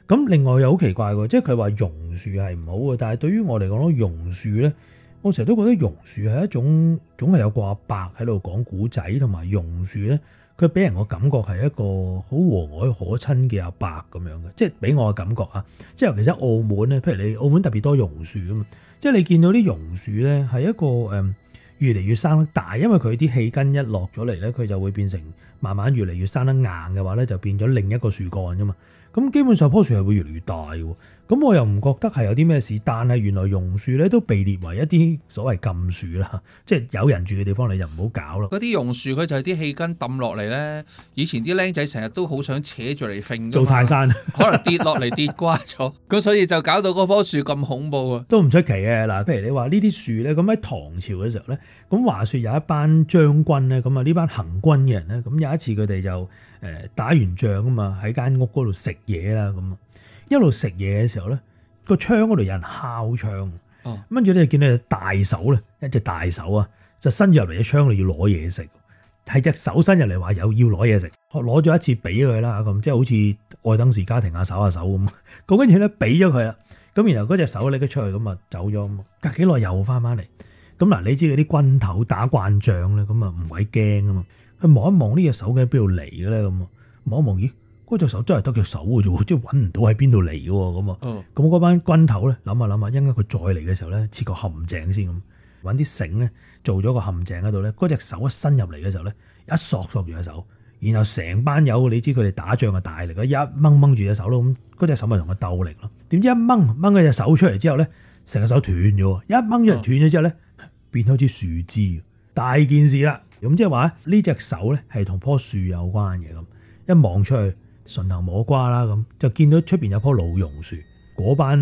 咁另外又好奇怪喎，即係佢話榕樹係唔好嘅，但係對於我嚟講榕樹咧，我成日都覺得榕樹係一種總係有個阿伯喺度講古仔，同埋榕樹咧，佢俾人個感覺係一個好和藹可親嘅阿伯咁樣嘅，即係俾我嘅感覺啊！即係尤其是喺澳門咧，譬如你澳門特別多榕樹啊嘛，即係你見到啲榕樹咧係一個誒。嗯越嚟越生得大，因為佢啲氣根一落咗嚟咧，佢就會變成慢慢越嚟越生得硬嘅話咧，就變咗另一個樹幹啫嘛。咁基本上樖樹係會越嚟越大。咁我又唔覺得係有啲咩事，但係原來榕樹咧都被列為一啲所謂禁樹啦，即係有人住嘅地方，你就唔好搞咯。嗰啲榕樹佢就係啲氣根抌落嚟咧，以前啲僆仔成日都好想扯住嚟揈，做泰山， 可能跌落嚟跌瓜咗，咁所以就搞到嗰棵樹咁恐怖啊！都唔出奇嘅嗱，譬如你話呢啲樹咧，咁喺唐朝嘅時候咧，咁話說有一班將軍咧，咁啊呢班行軍嘅人咧，咁有一次佢哋就誒打完仗啊嘛，喺間屋嗰度食嘢啦咁啊。一路食嘢嘅時候咧，個窗嗰度有人敲窗，跟住咧就見到大手咧，一隻大手啊，就伸入嚟隻窗度要攞嘢食，係隻手伸入嚟話有要攞嘢食，攞咗一次俾佢啦咁，即係好似愛登士家庭啊手啊手咁，咁跟住咧俾咗佢啦，咁然後嗰隻手搦咗出去咁啊走咗，咁。隔幾耐又翻翻嚟，咁嗱你知嗰啲軍頭打慣仗咧，咁啊唔鬼驚啊嘛，佢望一望呢隻手喺邊度嚟嘅咧咁啊，望一望咦？嗰隻手真係得隻手嘅啫，即係揾唔到喺邊度嚟嘅咁啊！咁、嗯、班軍頭咧諗下諗下，應該佢再嚟嘅時候咧，切個陷阱先咁，揾啲繩咧做咗個陷阱喺度咧。嗰隻手一伸入嚟嘅時候咧，一索索住隻手，然後成班友你知佢哋打仗嘅大力咯，一掹掹住隻手咯，咁嗰隻手咪同佢鬥力咯。點知一掹掹嗰隻手出嚟之後咧，成個手斷咗，一掹咗就斷咗之後咧，變咗支樹枝。大件事啦，咁即係話呢隻手咧係同樖樹有關嘅咁，一望出去。順藤摸瓜啦咁，就見到出邊有棵老榕樹。嗰班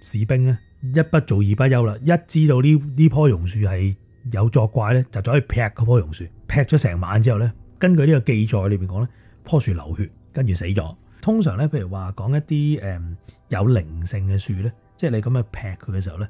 士兵咧，一不做二不休啦，一知道呢呢棵榕樹係有作怪咧，就走去劈嗰棵榕樹。劈咗成晚之後咧，根據呢個記載裏邊講咧，樖樹流血，跟住死咗。通常咧，譬如話講一啲誒有靈性嘅樹咧，即係你咁樣劈佢嘅時候咧，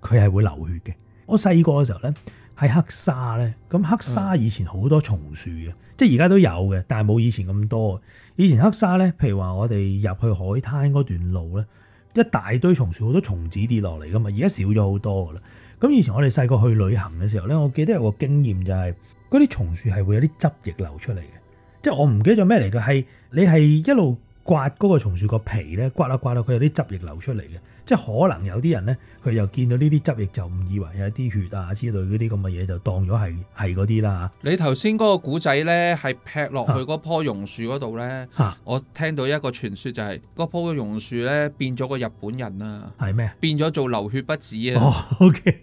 佢係會流血嘅。我細個嘅時候咧。喺黑沙咧，咁黑沙以前好多松樹嘅，即係而家都有嘅，但係冇以前咁多。以前黑沙咧，譬如話我哋入去海灘嗰段路咧，一大堆松樹，好多松子跌落嚟㗎嘛。而家少咗好多㗎啦。咁以前我哋細個去旅行嘅時候咧，我記得有個經驗就係、是，嗰啲松樹係會有啲汁液流出嚟嘅，即係我唔記得咗咩嚟嘅，係你係一路。刮嗰個松樹個皮咧，刮啦刮啦，佢有啲汁液流出嚟嘅，即係可能有啲人咧，佢又見到呢啲汁液就唔以為係啲血啊之類嗰啲咁嘅嘢，就當咗係係嗰啲啦。你頭先嗰個古仔咧，係劈落去嗰棵榕樹嗰度咧，我聽到一個傳説就係嗰棵榕樹咧，變咗個日本人啦，係咩？變咗做流血不止啊。O K，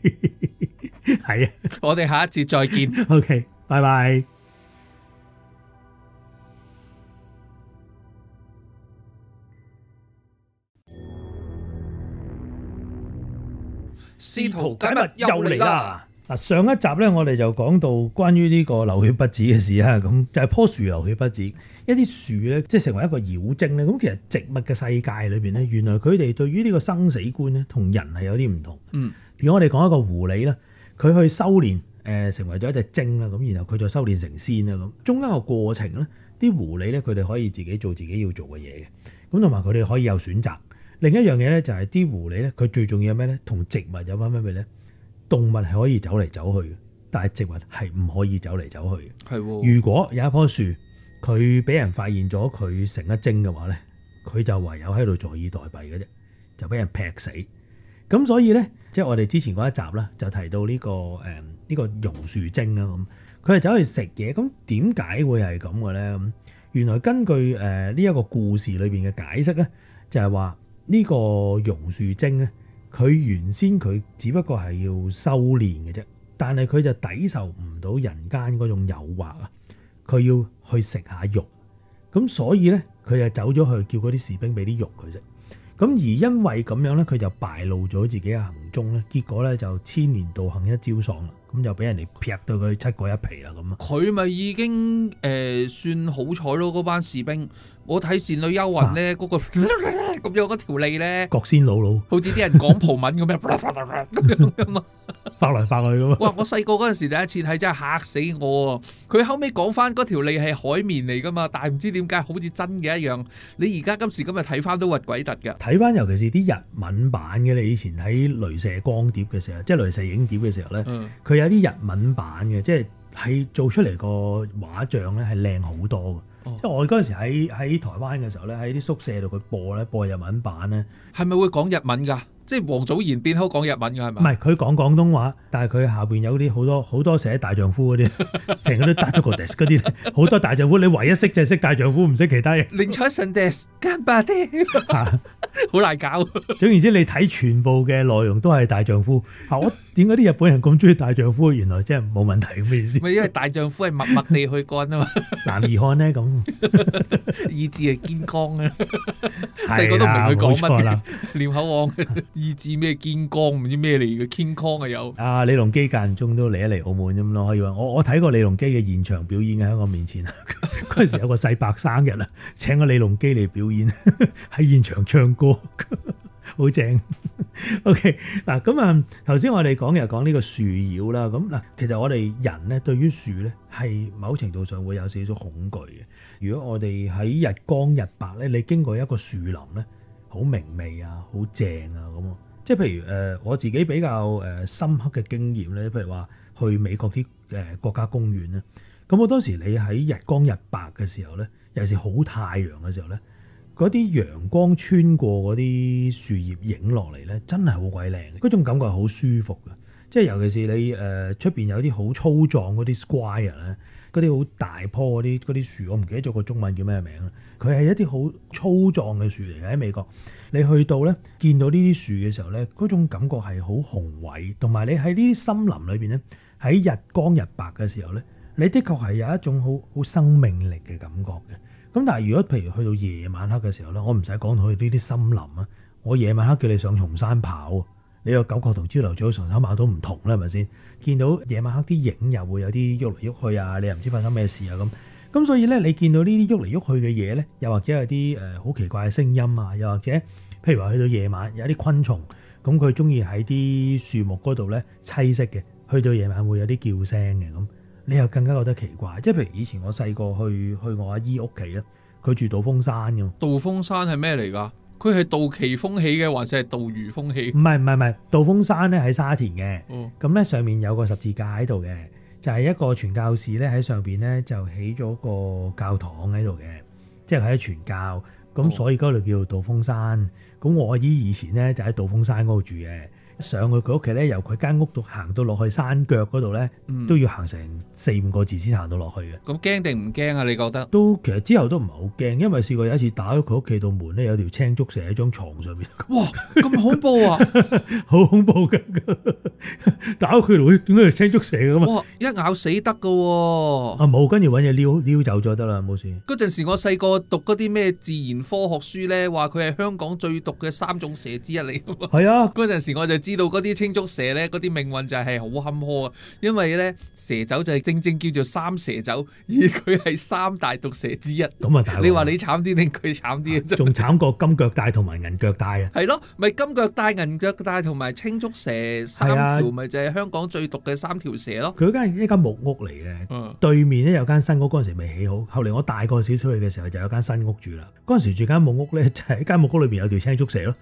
係啊，我哋下一節再見。O K，拜拜。試圖解密又嚟啦！嗱，上一集咧，我哋就講到關於呢個流血不止嘅事啊，咁就係樖樹流血不止，一啲樹咧即係成為一個妖精咧。咁其實植物嘅世界裏邊咧，原來佢哋對於呢個生死觀咧，同人係有啲唔同。嗯，如果我哋講一個狐狸咧，佢去修煉，誒成為咗一隻精啦，咁然後佢就修煉成仙啦，咁中間個過程咧，啲狐狸咧佢哋可以自己做自己要做嘅嘢嘅，咁同埋佢哋可以有選擇。另一樣嘢咧，就係啲狐狸咧，佢最重要咩咧？同植物有翻咩味咧？動物係可以走嚟走去嘅，但係植物係唔可以走嚟走去嘅。係喎。如果有一棵樹，佢俾人發現咗佢成一精嘅話咧，佢就唯有喺度坐以待斃嘅啫，就俾人劈死。咁所以咧，即係我哋之前嗰一集咧，就提到呢、呢個誒呢、嗯呢個榕樹精啦。咁佢係走去食嘢，咁點解會係咁嘅咧？咁原來根據誒呢一個故事裏邊嘅解釋咧，就係話。呢個榕樹精咧，佢原先佢只不過係要修煉嘅啫，但係佢就抵受唔到人間嗰種誘惑啊！佢要去食下肉，咁所以咧，佢就走咗去叫嗰啲士兵俾啲肉佢食。咁而因為咁樣咧，佢就敗露咗自己嘅行蹤咧，結果咧就千年道行一朝喪啦。咁就俾人哋劈到佢七個一皮啦，咁啊！佢咪已經誒算好彩咯，嗰班士兵。我睇倩女幽魂咧，嗰個咁樣嗰條脷咧，國先老老，好似啲人講葡文咁樣咁樣噶嘛。發來發去咁樣！ 哇！我細個嗰陣時第一次睇真係吓死我。佢後尾講翻嗰條脷，係海綿嚟噶嘛，但係唔知點解好似真嘅一樣。你而家今時今日睇翻都核鬼突噶。睇翻尤其是啲日文版嘅，你以前喺鐳射光碟嘅時候，即係鐳射影碟嘅時候咧，佢有啲日文版嘅，即係喺做出嚟個畫像咧，係靚好多嘅。即係、嗯、我嗰陣時喺喺台灣嘅時候咧，喺啲宿舍度佢播咧，播日文版咧。係咪會講日文噶？即係王祖賢變口講日文㗎係咪？唔係佢講廣東話，但係佢下邊有啲好多好多寫大丈夫嗰啲，成日都打咗個 desu 嗰啲，好 多大丈夫。你唯一識就係識大丈夫，唔識其他嘅。寧采臣 desu 啱啱好難搞。總言之，你睇全部嘅內容都係大丈夫。好。 點解啲日本人咁中意大丈夫？原來真係冇問題咁嘅意思。咪因為大丈夫係默默地去幹啊嘛。難 而看呢。咁、 啊， 意志係堅剛啊。細個都唔明佢講乜嘅，唦口王意志咩堅剛，唔知咩嚟嘅堅剛啊有。啊，李龍基間中都嚟一嚟澳門咁咯，可以話。我我睇過李龍基嘅現場表演嘅喺我面前嗰陣 時有個細伯生日啊，請個李龍基嚟表演，喺 現場唱歌。好正 ，OK 嗱咁啊，頭先我哋講嘅講呢個樹妖啦，咁嗱，其實我哋人咧對於樹咧係某程度上會有少少恐懼嘅。如果我哋喺日光日白咧，你經過一個樹林咧，好明媚啊，好正啊，咁即係譬如誒我自己比較誒深刻嘅經驗咧，譬如話去美國啲誒國家公園咧，咁我當時你喺日光日白嘅時候咧，尤其是好太陽嘅時候咧。嗰啲陽光穿過嗰啲樹葉影落嚟咧，真係好鬼靚，嗰種感覺係好舒服嘅。即係尤其是你誒出邊有啲好粗壯嗰啲 square 咧，嗰啲好大棵嗰啲啲樹，我唔記得咗個中文叫咩名啦。佢係一啲好粗壯嘅樹嚟嘅喺美國。你去到咧見到呢啲樹嘅時候咧，嗰種感覺係好雄偉，同埋你喺呢啲森林裏邊咧，喺日光日白嘅時候咧，你的確係有一種好好生命力嘅感覺嘅。咁但係如果譬如去到夜晚黑嘅時候咧，我唔使講到去呢啲森林啊，我夜晚黑叫你上松山跑啊，你個感覺同朝頭早上山跑都唔同啦，係咪先？見到夜晚黑啲影又會有啲喐嚟喐去啊，你又唔知發生咩事啊咁。咁所以咧，你見到呢啲喐嚟喐去嘅嘢咧，又或者有啲誒好奇怪嘅聲音啊，又或者譬如話去到夜晚有啲昆蟲，咁佢中意喺啲樹木嗰度咧棲息嘅，去到夜晚會有啲叫聲嘅咁。你又更加覺得奇怪，即係譬如以前我細個去去我阿姨屋企咧，佢住杜峰山咁。杜峰山係咩嚟㗎？佢係杜琪峰起嘅，還是係杜魚峰起？唔係唔係唔係，杜峰山咧喺沙田嘅。咁、哦、咧上面有個十字架喺度嘅，就係、是、一個傳教士咧喺上邊咧就起咗個教堂喺度嘅，即係喺傳教，咁、哦、所以嗰度叫做杜峰山。咁我阿姨以前咧就喺杜峰山嗰度住嘅。上去佢屋企咧，由佢間屋度行到落去山腳嗰度咧，都要行成四五個字先行到落去嘅。咁驚定唔驚啊？你覺得？都其實之後都唔係好驚，因為試過有一次打咗佢屋企度門咧，有條,啊、 有條青竹蛇喺張床上面。哇！咁恐怖啊！好恐怖嘅。打開佢道門，點解係青竹蛇嘅咁啊？哇！一咬死得嘅喎。啊冇，跟住揾嘢撩撩走咗得啦，冇事。嗰陣時我細個讀嗰啲咩自然科學書咧，話佢係香港最毒嘅三種蛇之一嚟。係啊，嗰 陣時我就。知道嗰啲青竹蛇咧，嗰啲命運就係好坎坷啊！因為咧蛇酒就係正正叫做三蛇酒，而佢係三大毒蛇之一。咁啊，大佬，你話你慘啲定佢慘啲啊？仲慘過金腳帶同埋銀腳帶啊！係 咯，咪金腳帶、銀腳帶同埋青竹蛇三條，咪、啊、就係、是、香港最毒嘅三條蛇咯。佢間係一間木屋嚟嘅，對面咧有間新屋，嗰陣時未起好。後嚟我大個少出去嘅時候，就有間新屋住啦。嗰陣時住木、就是、間木屋咧，就喺間木屋裏邊有條青竹蛇咯。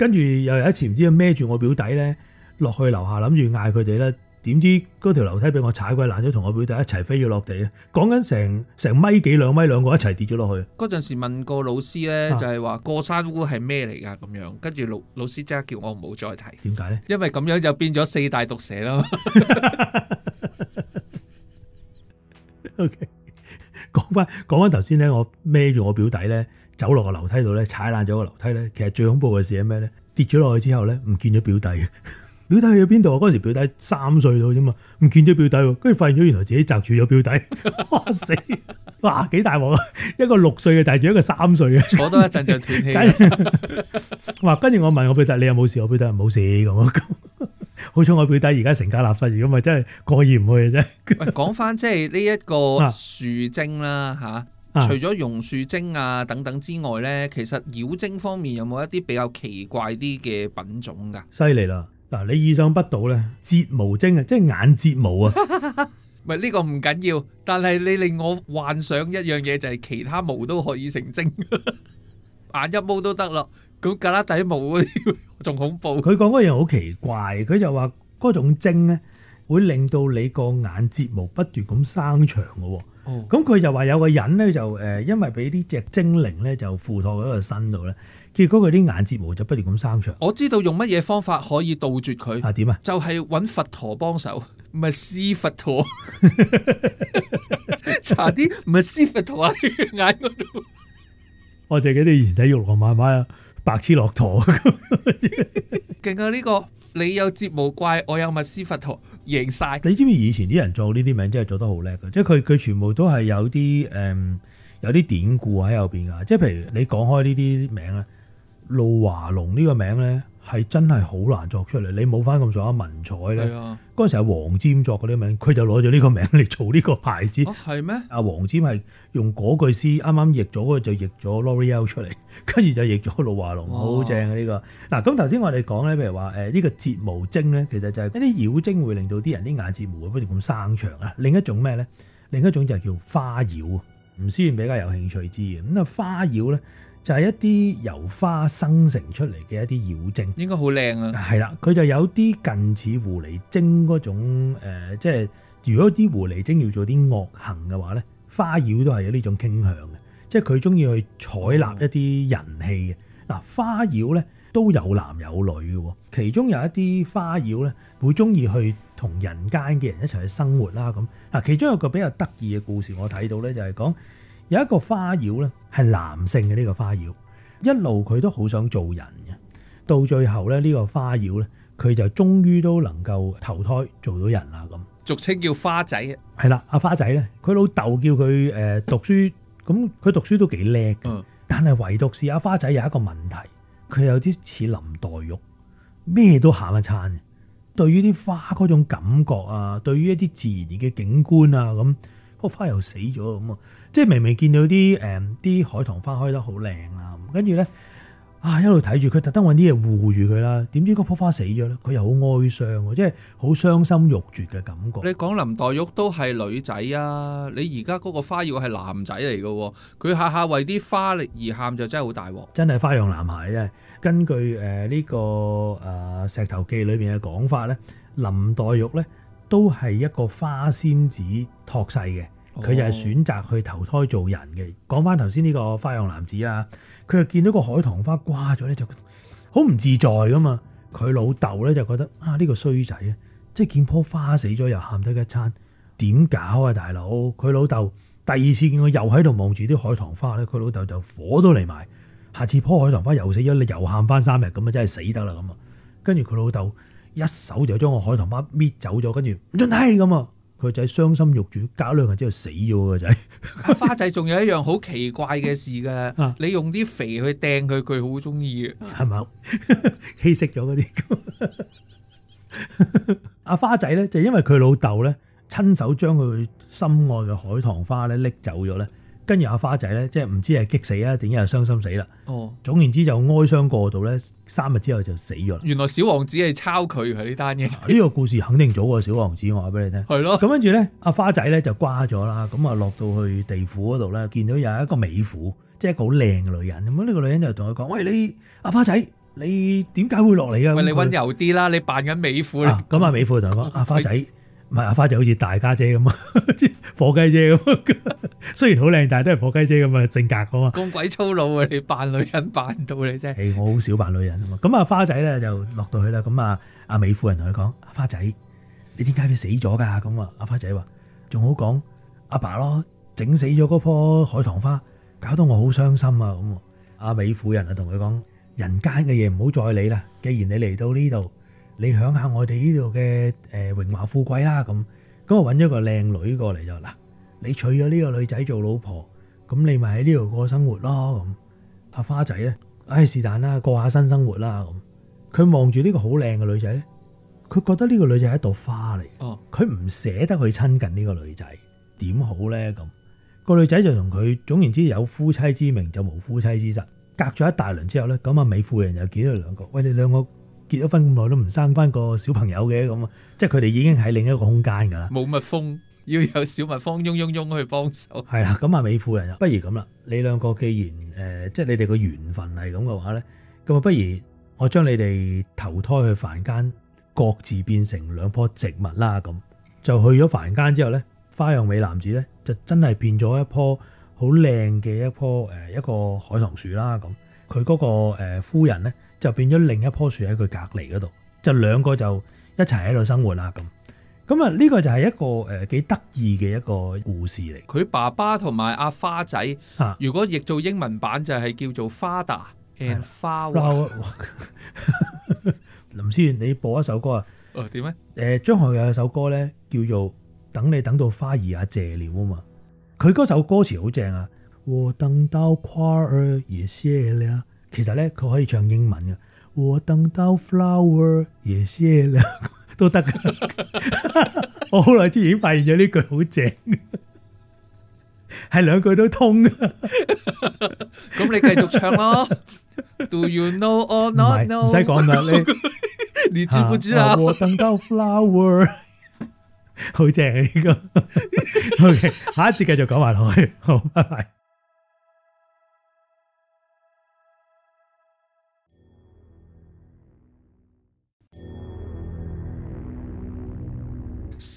跟住又有一次唔知孭住我表弟咧，落去樓下諗住嗌佢哋咧，點知嗰條樓梯俾我踩鬼爛咗，同我表弟一齊飛咗落地啊！講緊成成米幾兩米，兩個一齊跌咗落去。嗰陣時問過老師咧，就係話過山烏係咩嚟噶咁樣，跟住老老師即刻叫我唔好再提。點解咧？因為咁樣就變咗四大毒蛇咯。OK，講翻講翻頭先咧，我孭住我表弟咧。走落個樓梯度咧，踩爛咗個樓梯咧。其實最恐怖嘅事係咩咧？跌咗落去之後咧，唔見咗表弟。表弟去咗邊度啊？嗰陣時表弟三歲到啫嘛，唔見咗表弟，跟住發現咗原來自己執住咗表弟。死 哇，哇！幾大鑊啊！一個六歲嘅提住一個三歲嘅。坐多一陣就斷氣。 哇！跟住我問我表弟，你有冇事？我表弟冇事咁。好彩我表弟而家成家立室，如果唔係真係過意唔去嘅啫。喂，講翻即係呢一個樹精啦，吓。除咗榕樹精啊等等之外咧，其實妖精方面有冇一啲比較奇怪啲嘅品種噶？犀利啦！嗱，你意想不到咧，睫毛精啊，即係眼睫毛啊，唔係呢個唔緊要，但係你令我幻想一樣嘢就係其他毛都可以成精，眼一毛都得啦，咁旮旯底毛嗰啲仲恐怖。佢講嗰樣好奇怪，佢就話嗰種精咧會令到你個眼睫毛不斷咁生長噶。咁、哦、佢就話有個人咧就誒，因為俾呢隻精靈咧就附託喺個身度咧，結果佢啲眼睫毛就不斷咁生長。我知道用乜嘢方法可以杜絕佢啊？點啊？就係、是、揾佛陀幫手，唔係施佛陀，差啲唔係施佛陀喺眼嗰度。我淨記得以前睇玉龍漫畫啊！白痴駱駝，勁啊！呢個！你有節目怪，我有密斯佛陀，贏晒！你知唔知以前啲人做呢啲名字真係做得好叻嘅？即係佢佢全部都係有啲誒、嗯、有啲典故喺後邊㗎。即係譬如你講開呢啲名啊，露華濃呢個名咧。係真係好難作出嚟，你冇翻咁上下文彩咧，嗰陣的時係黃霑作嗰啲名，佢就攞咗呢個名嚟做呢個牌子。係咩、哦？阿黃霑係用嗰句詩剛剛，啱啱譯咗嗰就譯咗 L'Oreal 出嚟，跟住就譯咗老華龍，好哇正啊呢個。嗱，咁頭先我哋講咧，譬如話誒呢個睫毛精咧，其實就係一啲妖精會令到啲人啲眼睫毛不斷咁生長啊。另一種咩咧？另一種就係叫花妖啊，唔知你比較有興趣知嘅咁啊花妖咧。就係、是、一啲由花生成出嚟嘅一啲妖精，應該好靚啊！係啦，佢就有啲近似狐狸精嗰種、呃、即係如果啲狐狸精要做啲惡行嘅話咧，花妖都係有呢種傾向嘅，即係佢中意去採納一啲人氣嘅。嗱、哦，花妖咧都有男有女嘅，其中有一啲花妖咧會中意去同人間嘅人一齊去生活啦咁。嗱，其中有一個比較得意嘅故事我看到，我睇到咧就係講。有一個花妖咧，係男性嘅，呢個花妖，一路佢都好想做人嘅，到最後咧呢個花妖咧，佢就終於都能夠投胎做到人啦咁，俗稱叫花仔啊。係啦，阿花仔咧，佢老豆叫佢誒讀書，咁佢讀書都幾叻嘅，嗯，但係唯獨是阿花仔有一個問題，佢有啲似林黛玉，咩都喊一餐嘅，對於啲花嗰種感覺啊，對於一啲自然嘅景觀啊咁。棵花又死咗咁啊！即係明明見到啲誒啲海棠花開得好靚啦，跟住咧啊一路睇住佢特登揾啲嘢護住佢啦，點知嗰棵花死咗咧，佢又好哀傷嘅，即係好傷心欲絕嘅感覺。你講林黛玉都係女仔啊！你而家嗰個花如果係男仔嚟嘅喎，佢下下為啲花而喊就真係好大鑊。真係花樣男孩咧，根據誒呢個誒《石頭記》裏邊嘅講法咧，林黛玉咧。都係一個花仙子託世嘅，佢就係選擇去投胎做人嘅。講翻頭先呢個花樣男子啦，佢又見到個海棠花掛咗咧，就好唔自在噶嘛。佢老豆咧就覺得，佢就覺得啊，呢、這個衰仔啊，即係見棵花死咗又喊得一餐，點搞啊大佬？佢老豆第二次見佢又喺度望住啲海棠花咧，佢老豆就火都嚟埋，下次棵海棠花又死咗你又喊翻三日，咁啊真係死得啦咁啊！跟住佢老豆。一手就將個海棠花搣走咗，跟住唔真係咁啊！佢個仔傷心欲絕，搞兩日之後死咗個仔。阿花仔仲有一樣好奇怪嘅事噶、啊，你用啲肥去掟佢，佢好中意嘅，係 咪？稀釋咗嗰啲。阿花仔咧就係，因為佢老豆咧親手將佢心愛嘅海棠花咧拎走咗咧。跟住阿花仔咧，即係唔知係激死啊，定一係傷心死啦。哦，總言之就哀傷過度咧，三日之後就死咗啦。原來小王子係抄佢喺呢單嘢。呢、 啊呢個故事肯定早過小王子，我話俾你聽。係咯。咁跟住咧，阿花仔咧就瓜咗啦。咁啊落到去地府嗰度咧，見到有一個美婦，即係一個好靚嘅女人。咁、這、呢個女人就同佢講：喂，你阿花仔，你點解會落嚟啊？喂，你溫柔啲啦，你扮緊美婦啦。咁阿、啊、美婦就講：阿、嗯嗯嗯嗯啊、花仔。唔係阿花就好似大家姐咁啊，火雞姐咁。雖然好靚，但係都係火雞姐咁啊。性格啊嘛。咁鬼粗魯啊！你扮女人扮到你真係。誒，我好少扮女人啊嘛。咁阿花仔咧就落到去啦。咁啊，阿美婦人同佢講：阿花仔，你點解要死咗㗎？咁啊，阿花仔話：仲好講阿爸咯，整死咗嗰棵海棠花，搞到我好傷心啊！咁阿美婦人啊同佢講：人間嘅嘢唔好再理啦，既然你嚟到呢度。你享下我哋呢度嘅誒，榮華富貴啦。咁，咁我揾咗個靚女過嚟就，嗱，你娶咗呢個女仔做老婆，咁你咪喺呢度過生活咯。咁。阿、啊、花仔咧，唉是但啦，過下新生活啦咁。佢望住呢個好靚嘅女仔咧，佢覺得呢個女仔係一朵花嚟，佢唔捨得去親近呢個女仔，點好咧咁？個女仔就同佢，總言之有夫妻之名就冇夫妻之實，隔咗一大輪之後咧，咁啊美婦人又見到兩個，餵你兩個。結咗婚咁耐都唔生翻個小朋友嘅咁啊，即係佢哋已經喺另一個空間㗎啦。冇蜜蜂，要有小蜜蜂嗡嗡嗡去幫手。係啦，咁啊，美夫人啊，不如咁啦，你兩個既然誒、呃，即係你哋個緣分係咁嘅話咧，咁啊，不如我將你哋投胎去凡間，各自變成兩棵植物啦。咁就去咗凡間之後咧，花樣美男子咧就真係變咗一棵好靚嘅一棵，誒、呃、一個海棠樹啦。咁佢嗰個、呃、夫人咧，就變咗另一棵樹喺佢隔離嗰度，就兩個就一齊喺度生活啦咁。咁啊，呢個就係一個誒幾得意嘅一個故事嚟。佢爸爸同埋阿花仔、啊，如果譯做英文版就係、是、叫做花大 and 花、啊、 林思遠，你播一首歌啊？誒點咩？誒張學友有首歌咧，叫做《等你等到花兒也、啊、謝了》啊嘛。佢嗰首歌詞好正啊。我等到花兒也謝了。其實咧，佢可以唱英文嘅。 我等到 flower，謝皮，兩個都得嘅。我好耐之前已經發現咗呢句好正，係 兩句都通。咁 你繼續唱咯。 Do you know or not? 唔使講啦， 你知唔知啊？我等到 flower，好正呢個。 OK， 下一節繼續講埋佢。好，拜拜。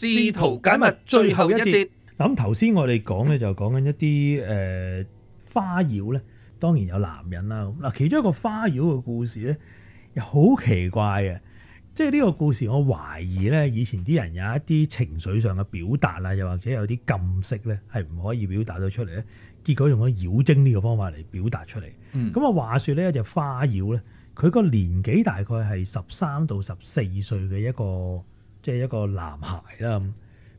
試圖解密最後一節。咁頭先我哋講咧，就講緊一啲誒花妖咧，當然有男人啦。嗱，其中一個花妖嘅故事咧，好奇怪嘅。即係呢個故事，我懷疑咧，以前啲人有一啲情緒上嘅表達啊，又或者有啲禁忌咧，係唔可以表達到出嚟咧。結果用咗妖精呢個方法嚟表達出嚟。咁、嗯、啊，話說咧就花妖咧，佢個年紀大概係十三到十四歲嘅一個。即係一個男孩啦，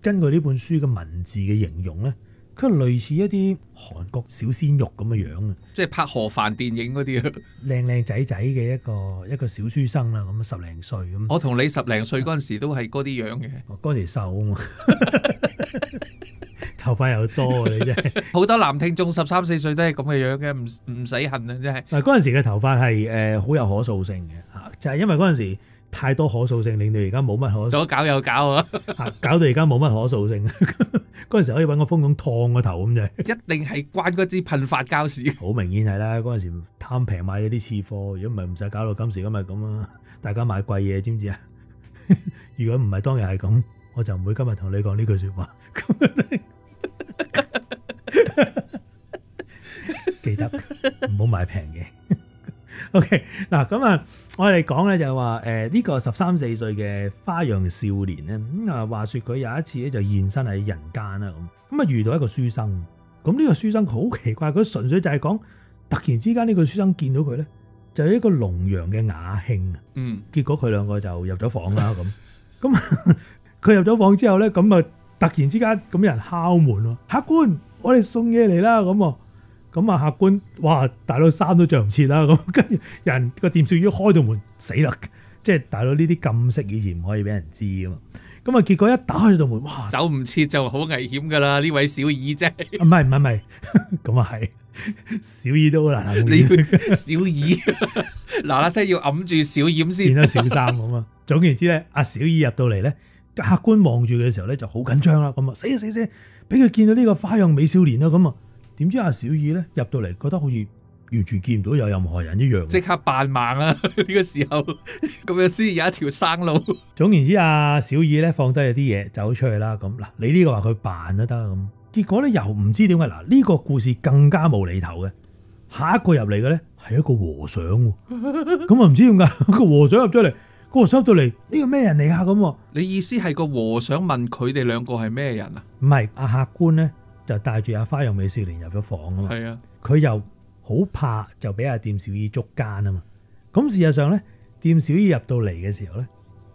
根據呢本書嘅文字嘅形容呢，佢類似一啲韓國小鮮肉咁嘅樣啊！即係拍河範電影嗰啲靚靚仔仔嘅一個一個小書生啦，咁十零歲咁。我同你十零歲嗰陣時都係嗰啲樣嘅。我嗰時瘦啊嘛， 頭髮又多嘅啫。好多男聽眾十三四歲都係咁嘅樣嘅，唔唔使恨啊！真係嗱，嗰時嘅頭髮係誒好有可塑性嘅嚇，就係因為嗰陣時。太多可塑性，令到而家冇乜可塑性。左搞右搞啊！搞到而家冇乜可塑性。嗰 陣 時候可以搵個風筒燙個頭咁啫。一定係關嗰支噴髮膠事。好 明顯係啦，嗰陣時貪平買咗啲次貨，如果唔係唔使搞到今時今日咁啊！大家買貴嘢知唔知啊？ 如果唔係當日係咁，我就唔會今日同你講呢句說話。 記得唔好買平嘢。OK 嗱咁啊，我哋講咧就係話誒，呢個十三四歲嘅花樣少年咧咁啊，話說佢有一次咧就現身喺人間啦咁，咁啊遇到一個書生，咁呢個書生好奇怪，佢純粹就係講突然之間呢個書生見到佢咧就係、是、一個龍陽嘅雅興，嗯，結果佢兩個就入咗房啦咁，咁 佢 入咗房之後咧咁啊突然之間咁有人敲門咯，客官我哋送嘢嚟啦咁咁啊，客官，哇！大佬衫都着唔切啦，咁跟住人個店小二開到門，死啦，即係大佬呢啲禁色以前唔可以俾人知噶嘛。咁啊，結果一打開到門，哇！走唔切就好危險噶啦，呢 位小二啫。唔係唔係唔係，咁啊係小二都好難小二嗱啦聲要揞住小掩先。見到小三咁啊！ 總言之咧，阿小二入到嚟咧，客官望住嘅時候咧就好緊張啦。咁啊，死死死，俾佢見到呢個花樣美少年啦。咁啊～點知阿小二咧入到嚟，覺得好似完全見唔到有任何人一樣，即刻扮盲啦！呢個時候咁樣先有一條生路。總言之，阿小二咧放低咗啲嘢，走出去啦。咁嗱，你呢個話佢扮都得咁，結果咧又唔知點解。嗱。呢個故事更加冇厘頭嘅，下一個入嚟嘅咧係一個和尚。咁啊唔知點解，個和尚入咗嚟，個和尚入到嚟，呢個咩人嚟啊？咁啊，你意思係個和尚問佢哋兩個係咩人啊？唔係阿客官咧。就帶住阿花樣美少年入咗房啊嘛，佢又好怕就俾阿店小二捉奸啊嘛。咁事實上咧，店小二入到嚟嘅時候咧，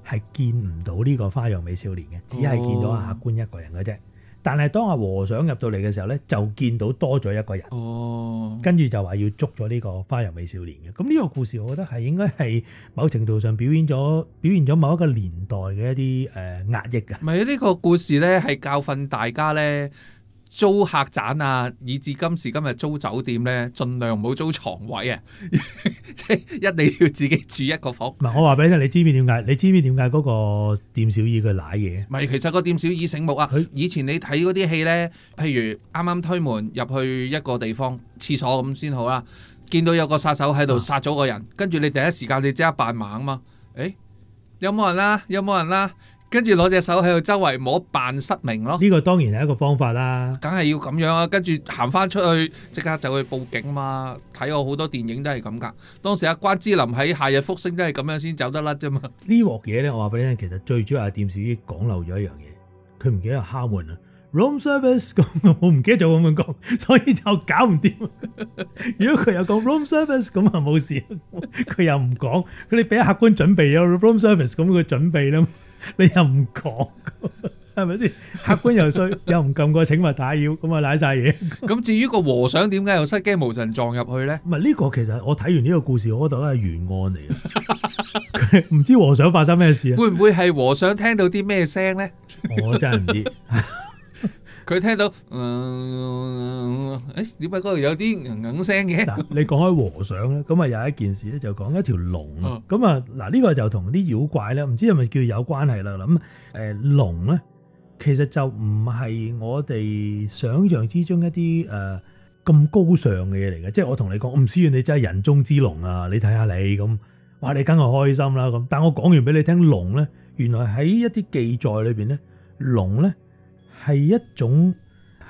係見唔到呢個花樣美少年嘅，只係見到阿官一個人嘅啫。哦、但係當阿和尚入到嚟嘅時候咧，就見到多咗一個人。哦，跟住就話要捉咗呢個花樣美少年嘅。咁呢個故事，我覺得係應該係某程度上表演咗、表現咗某一個年代嘅一啲誒、呃、壓抑嘅。唔係呢個故事咧，係教訓大家咧，租客棧啊，以至今時今日租酒店呢，盡量唔好租床位啊，即 係一定要自己住一個房。我話俾你聽，你知唔知點解？你知唔知點解嗰個店小二佢賴嘢？唔係，其實個店小二醒目啊！以前你睇嗰啲戲呢，譬如啱啱推門入去一個地方廁所咁先好啦，見到有個殺手喺度殺咗個人，跟、啊、住你第一時間你即刻扮猛啊嘛！有冇人啦？有冇人啦、啊？有跟住攞隻手喺度周圍摸扮失明咯，呢個當然係一個方法啦。梗係要咁樣啊！跟住行翻出去，即刻就去報警嘛。睇我好多電影都係咁噶。當時阿關之琳喺《夏日福星》都係咁樣先走得甩啫嘛。呢鑊嘢咧，我話俾你聽，其實最主要係電視機講漏咗一樣嘢。佢唔記得敲門啊。Room service，咁我唔記得就咁樣講，所以就搞唔掂。 如果佢有講 room service，咁啊，冇事。佢又唔講，佢哋俾客官準備咗 room service 咁嘅準備啦。你又唔講，係咪先？客官又衰，又唔撳個請勿打擾，咁啊瀨晒嘢。咁至於個和尚點解又失驚無神撞入去咧？唔係呢個，其實我睇完呢個故事，我覺得係懸案嚟嘅。佢唔 知和尚發生咩事啊？會唔會係和尚聽到啲咩聲咧？我真係唔知。佢 聽到，誒、呃。點解嗰度有啲硬聲嘅？嗱，你講開和尚咧，咁啊有一件事咧，就講一條龍咯。咁啊，嗱呢個就同啲妖怪咧，唔知係咪叫有關係啦。咁誒，龍咧其實就唔係我哋想象之中一啲誒咁高尚嘅嘢嚟嘅。即係我同你講，唔，思遠，你真係人中之龍啊！你睇下你咁，哇你梗係開心啦咁。但係我講完俾你聽，龍咧原來喺一啲記載裏邊咧，龍咧係一種。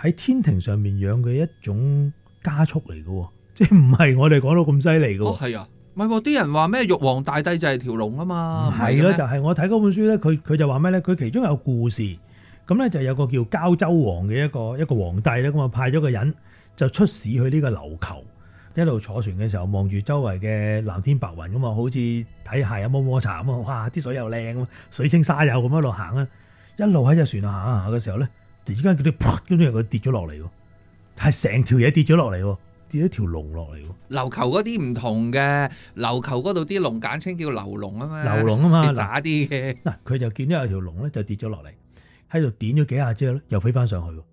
喺天庭上面養嘅一種家畜嚟嘅，即係唔係我哋講到咁犀利嘅。哦，係啊，係係啲人話咩？玉皇大帝就係條龍啊嘛。唔係咯，就係、是、我睇嗰本書咧，佢佢就話咩咧？佢其中有故事，咁咧就有個叫膠州王嘅一個一個皇帝咧，咁啊派咗個人就出使去呢個琉球，一路坐船嘅時候望住周圍嘅藍天白雲咁啊，好似睇下有冇摩摩喳喳咁啊，哇！啲水又靚，水清沙幼咁一路行啊，一路喺隻船度行行嘅時候咧。突然間佢哋，咁樣又佢跌咗落嚟喎，係成條嘢跌咗落嚟喎，跌咗條龍落嚟喎。琉球嗰啲唔同嘅，琉球嗰度啲龍簡稱叫流龍啊嘛，流龍啊嘛，啲嗱佢就見到有條龍咧，就跌咗落嚟，喺度點咗幾下之後咧，又飛翻上去。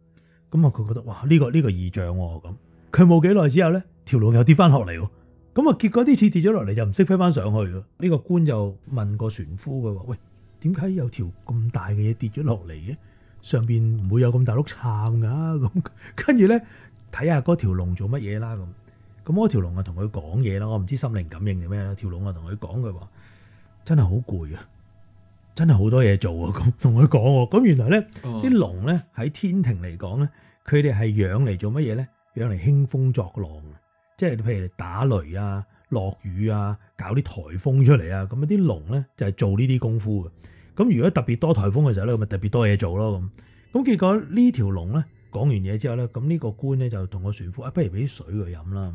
咁、這個這個、啊，佢覺得哇，呢個呢個異象喎咁。佢冇幾耐之後咧，條龍又跌翻落嚟喎。咁啊，結果呢次跌咗落嚟就唔識飛翻上去咯。呢、這個官就問個船夫嘅話，喂，點解有條咁大嘅嘢跌咗落嚟嘅？上邊唔會有咁大碌杉噶，咁跟住咧睇下嗰條龍做乜嘢啦，咁咁嗰條龍啊同佢講嘢啦，我唔知心靈感應定咩啦，條龍啊同佢講佢話真係好攰啊，真係好多嘢做啊，咁同佢講，咁原來咧啲龍咧喺天庭嚟講咧，佢哋係養嚟做乜嘢咧？養嚟興風作浪，即係譬如打雷啊、落雨啊、搞啲颱風出嚟啊，咁啲龍咧就係做呢啲功夫嘅。咁如果特別多颱風嘅時候咧，咁咪特別多嘢做咯咁。咁結果呢條龍咧講完嘢之後咧，咁、這、呢個官咧就同個船夫啊，不如俾啲水佢飲啦。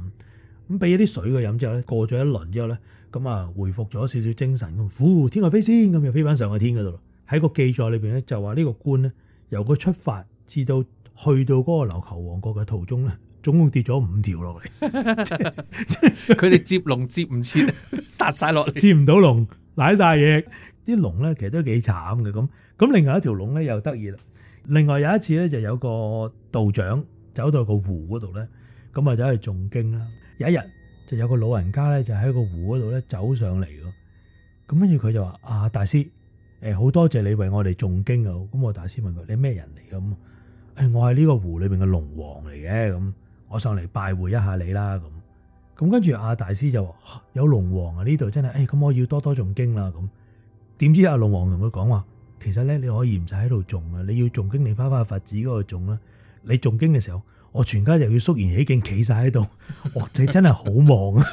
咁俾咗啲水佢飲之後咧，過咗一輪之後咧，咁啊回復咗少少精神。咁、呃、呼，天外飛仙咁又飛翻上個天嗰度。喺個記載裏面咧就話呢個官咧由佢出發至到去到嗰個琉球王國嘅途中咧，總共跌咗五條落嚟。佢 哋接龍接唔切，搭晒落嚟， 接唔到龍，賴晒嘢。啲龍咧其實都幾慘嘅咁咁。另外一條龍咧又得意啦。另外有一次咧，就有個道長走到個湖嗰度咧，咁啊走去誦經啦。有一日就有個老人家咧，就喺個湖嗰度咧走上嚟咯。咁跟住佢就話：啊，大師，誒好多謝你為我哋誦經啊。咁我大師問佢：你咩人嚟？咁、欸、誒我係呢個湖裏面嘅龍王嚟嘅。咁我上嚟拜會一下你啦。咁咁跟住阿大師就話有龍王啊，呢度真係誒咁，欸、我要多多誦經啦咁。點知阿龍王同佢講話，其實咧你可以唔使喺度種啊，你要誦經你花花佛寺嗰度種啦。你誦經嘅時候，我全家就要肅然起敬，企晒喺度，我真真係好忙啊！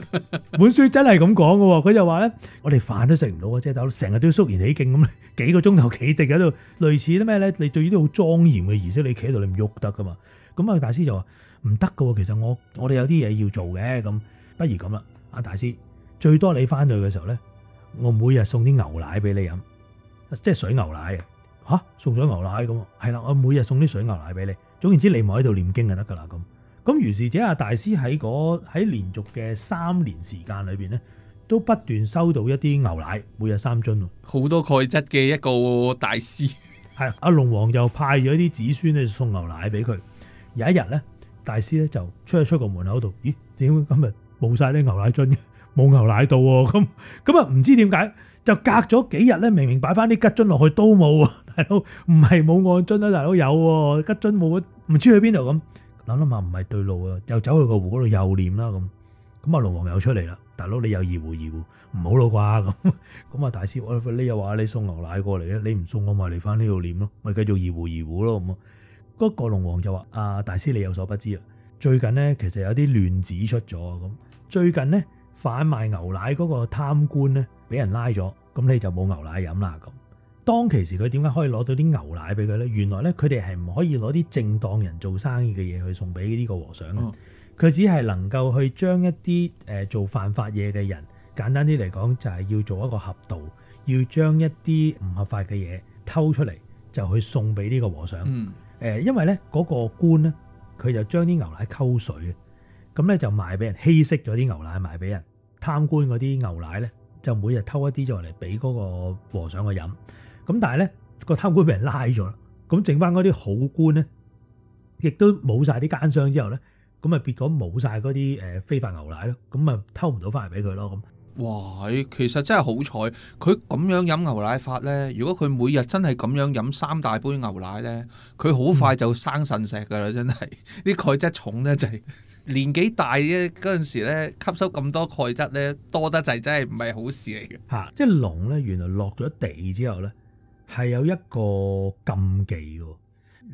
本書真係咁講噶，佢就話咧， 我哋飯都食唔到啊，即係都成日都要肅然起敬咁，幾個鐘頭企直喺度，類似啲咩咧？你對呢啲好莊嚴嘅儀式，你企喺度你唔喐得噶嘛？咁啊，大師就話唔得噶，其實我我哋有啲嘢要做嘅，咁不如咁啦，阿大師最多你翻去嘅時候咧。我每日送啲牛奶俾你飲，即係水牛奶啊！吓，送咗牛奶咁，係啦，我每日送啲水牛奶俾你。總言之你唔喺度念經就得噶啦咁。咁如是者阿大師喺嗰喺連續嘅三年時間裏邊咧，都不斷收到一啲牛奶，每日三樽，好多鈣質嘅一個大師，係啊！阿龍王又派咗啲子孫咧送牛奶俾佢。有一日咧，大師咧就出一出個門口度，咦？點解今日冇晒啲牛奶樽？冇牛奶到喎，咁咁啊，唔、嗯嗯嗯、知點解就隔咗幾日咧，明明擺翻啲吉樽落去都冇啊，大佬唔係冇按樽啊，大佬有喎吉樽冇，唔知去邊度咁諗諗下唔係對路啊，又走去個湖嗰度又念啦咁咁啊，龍王又出嚟啦，大佬你有二胡二胡唔好咯啩咁咁啊，大師你又話你送牛奶過嚟啊，你唔送我咪嚟翻呢度念咯，咪繼續二胡二胡咯咁啊。個龍王就話：啊，大師你有所不知啊，最近咧其實有啲亂子出咗啊，咁最近咧。販賣牛奶嗰個貪官咧，俾人拉咗，咁你就冇牛奶飲啦。咁當其時佢點解可以攞到啲牛奶俾佢咧？原來咧佢哋係唔可以攞啲正當人做生意嘅嘢去送俾呢個和尚佢、哦、只係能夠去將一啲做犯法嘢嘅人，簡單啲嚟講就係要做一個合道，要將一啲唔合法嘅嘢偷出嚟就去送俾呢個和尚。嗯、因為咧嗰個官咧，佢就將啲牛奶溝水嘅，咁咧就賣俾人稀釋咗啲牛奶賣俾人。貪官嗰啲牛奶咧，就每日偷一啲就嚟俾嗰個和尚去飲。咁但係咧，個貪官俾人拉咗啦。咁剩翻嗰啲好官咧，亦都冇晒啲奸商之後咧，咁啊，別咗冇晒嗰啲誒非法牛奶咯，咁啊，偷唔到翻嚟俾佢咯。咁哇，其實真係好彩，佢咁樣飲牛奶法咧。如果佢每日真係咁樣飲三大杯牛奶咧，佢好快就生腎石噶啦，真係啲鈣質重得滯。年紀大嘅嗰陣時咧，吸收咁多鈣質咧，多得滯，真係唔係好事嚟嘅。嚇、啊！即係龍咧，原來落咗地之後咧，係有一個禁忌嘅。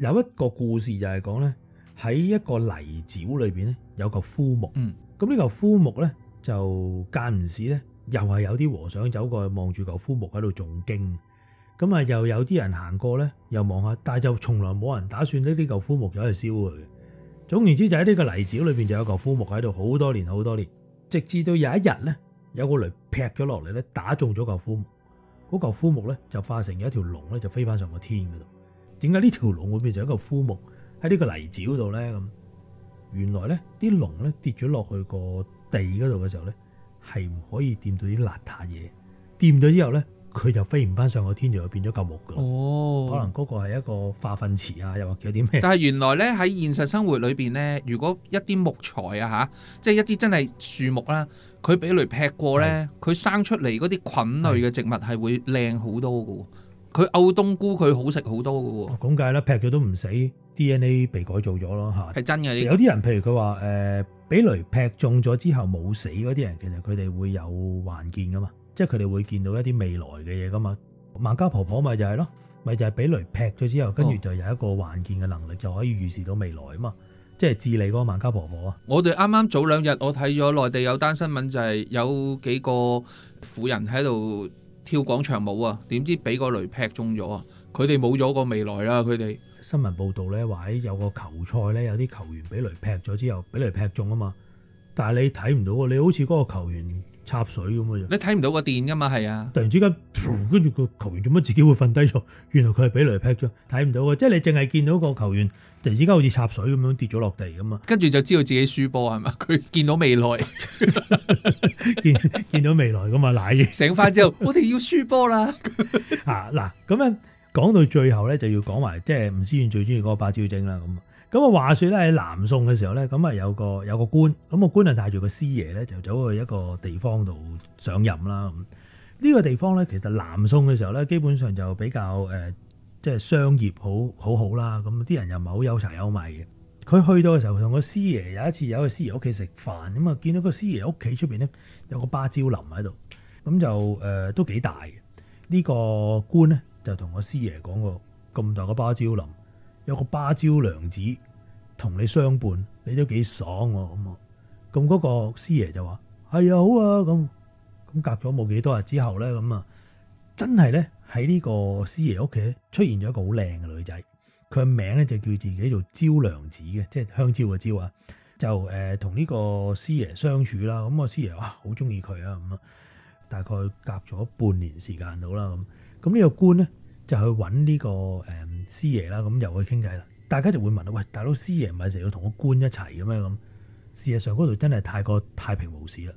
有一個故事就係講咧，喺一個泥沼裏邊咧，有嚿枯木。嗯。咁呢嚿枯木咧，就間唔時咧，又係有啲和尚走過去望住嚿枯木喺度誦經。咁啊，又有啲人行過咧，又望下，但係就從來冇人打算呢啲嚿枯木走去燒佢嘅。總言之就喺呢個泥沼裏邊就有嚿枯木喺度好多年好多年，直至到有一日咧，有個雷劈咗落嚟咧，打中咗嚿枯木，嗰嚿枯木咧就化成一條龍咧，就飛翻上個天嗰度。點解呢條龍會變成一個枯木喺呢個泥沼度咧？咁原來咧啲龍咧跌咗落去個地嗰度嘅時候咧，係唔可以掂到啲邋遢嘢，掂咗之後咧。佢就飛唔翻上個天就變咗嚿木㗎哦，可能嗰個係一個化糞池啊，又或者啲咩？但係原來咧喺現實生活裏邊咧，如果一啲木材啊嚇，即係一啲真係樹木啦，佢俾雷劈過咧，佢生出嚟嗰啲菌類嘅植物係會靚好多嘅喎。佢歐冬菇，佢好食好多嘅喎。咁解啦，劈佢都唔死，DNA 被改造咗咯嚇。係真嘅，這個。有啲人譬如佢話誒，俾、呃、雷劈中咗之後冇死嗰啲人，其實佢哋會有幻見㗎嘛。即係佢哋會見到一啲未來嘅嘢㗎嘛，萬加婆婆咪就係咯，咪就係、是、俾雷劈咗之後，哦、跟住就有一個幻見嘅能力，就可以預示到未來啊嘛，即係智利嗰個萬加婆婆啊。我哋啱啱早兩日我睇咗內地有單新聞，就係有幾個婦人喺度跳廣場舞啊，點知俾個雷劈中咗啊！佢哋冇咗個未來啦，佢哋新聞報導咧話喺有個球賽咧，有啲球員俾雷劈咗之後，俾雷劈中啊嘛，但係你睇唔到啊，你好似嗰個球員。插水咁樣！你睇唔到個電噶嘛？係啊！突然之間，噗，跟住個球員做乜自己會瞓低咗？原來佢係俾雷劈咗，睇唔到啊。即係你淨係見到個球員突然之間好似插水咁樣跌咗落地咁啊！跟住就知道自己輸波係嘛？佢見到未來， 見見到未來噶嘛？賴 嘢醒翻之後，我哋要輸波啦！啊 嗱，咁樣講到最後咧，就要講埋即係吳思遠最中意嗰個芭蕉精啦咁。咁啊，話說咧喺南宋嘅時候咧，咁啊有個有個官，咁個官啊帶住個師爺咧就走去一個地方度上任啦。咁、這、呢個地方咧其實南宋嘅時候咧，基本上就比較誒即係商業好好好啦。咁啲人又唔係好有柴有米嘅。佢去到嘅時候同個師爺有一次有去師爺屋企食飯，咁啊見到個師爺屋企出邊咧有個芭蕉林喺度，咁就誒都幾大嘅。呢、這個官咧就同個師爺講過，咁大個芭蕉林有個芭蕉娘子。同你相伴，你都幾爽喎咁啊！咁嗰個師爺就話：係啊，好啊。咁咁隔咗冇幾多日之後咧，咁啊真係咧喺呢個師爺屋企出現咗一個好靚嘅女仔，佢嘅名咧就叫自己做蕉娘子嘅，即係香蕉嘅蕉啊，就誒同呢個師爺相處啦。咁個師爺哇好中意佢啊咁啊，大概隔咗半年時間到啦咁。咁呢個官咧就去揾呢個誒師爺啦，咁又去傾偈啦。大家就會問啦，喂，大佬師爺唔係成日要同個官一齊嘅咩咁？事實上嗰度真係太過太平無事啦。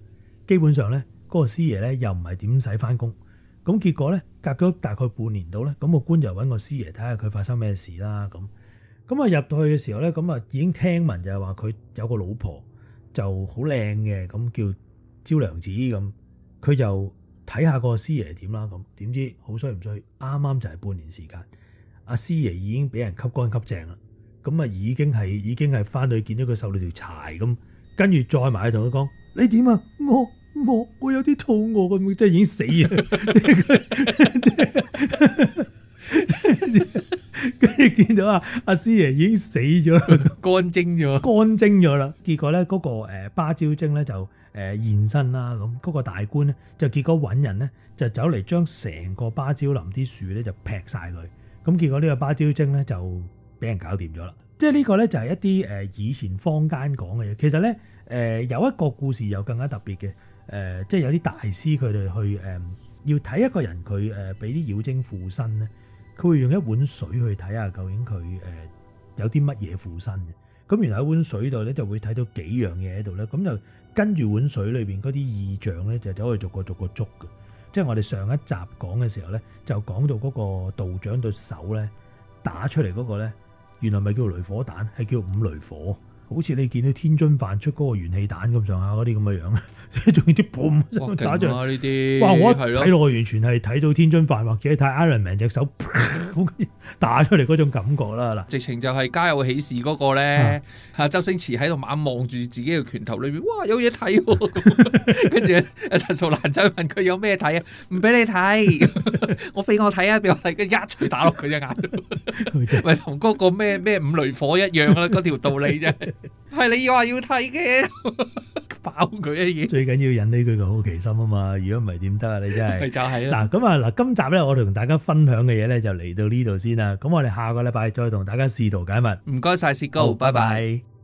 基本上咧，嗰個師爺咧又唔係點使返工。咁結果咧隔咗大概半年到咧，咁個官就搵個師爺睇下佢發生咩事啦咁。咁啊入到去嘅時候咧，咁啊已經聽聞就係話佢有個老婆就好靚嘅，咁叫招娘子咁。佢就睇下個師爺點啦咁。點知好衰唔衰？啱啱就係半年時間。阿師爺已經俾人吸乾吸淨啦，咁啊已經係已經係翻去見到佢瘦到條柴咁，跟住再埋喺度同佢講：你點啊？我我我有啲肚餓咁，即係已經死啦！跟 住 見到啊阿師爺已經死咗，乾蒸咗，乾蒸咗啦。結果咧嗰個誒芭蕉精咧就誒現身啦，咁、那、嗰個大官咧就結果搵人咧就走嚟將成個芭蕉林啲樹咧就劈晒佢。咁結果呢個芭蕉精咧就俾人搞掂咗啦，即係呢個咧就係一啲以前坊間講嘅嘢。其實咧、呃、有一個故事又更加特別嘅即係有啲大師佢哋去、呃、要睇一個人佢誒俾啲妖精附身咧，佢會用一碗水去睇下究竟佢、呃、有啲乜嘢附身嘅。咁原來一碗水度咧就會睇到幾樣嘢喺度咧，咁就跟住碗水裏面嗰啲異象咧就走去逐個逐個捉嘅。即係我哋上一集講嘅時候咧，就講到嗰個道長對手咧打出嚟嗰個咧，原來咪叫雷火彈，係叫五雷火。好似你見到天津飯出嗰個元氣彈咁上下嗰啲咁嘅樣，仲要啲砰打出嚟呢啲，哇！睇落、啊、完全係睇到天津飯或者睇 Iron Man 隻手，咁打出嚟嗰種感覺啦嗱。直情就係家有喜事嗰、嗰個咧，阿、啊、周星馳喺度猛望住自己嘅拳頭裏面，哇！有嘢睇，跟住陳素蘭就問佢有咩睇啊？唔俾你睇，我俾我睇啊！俾 我睇、啊，我啊、一 跟一拳打落佢隻眼，咪同嗰個咩咩五雷火一樣啦，嗰條道理啫。係你話要睇嘅，爆佢嘅嘢。最緊要引起佢嘅好奇心啊嘛，如果唔係點得啊？你真係，佢 就係啦。嗱咁啊，嗱今集咧，我哋同大家分享嘅嘢咧，就嚟到呢度先啦。咁我哋下個禮拜再同大家試圖解密。唔該曬，薛高，拜拜。拜拜。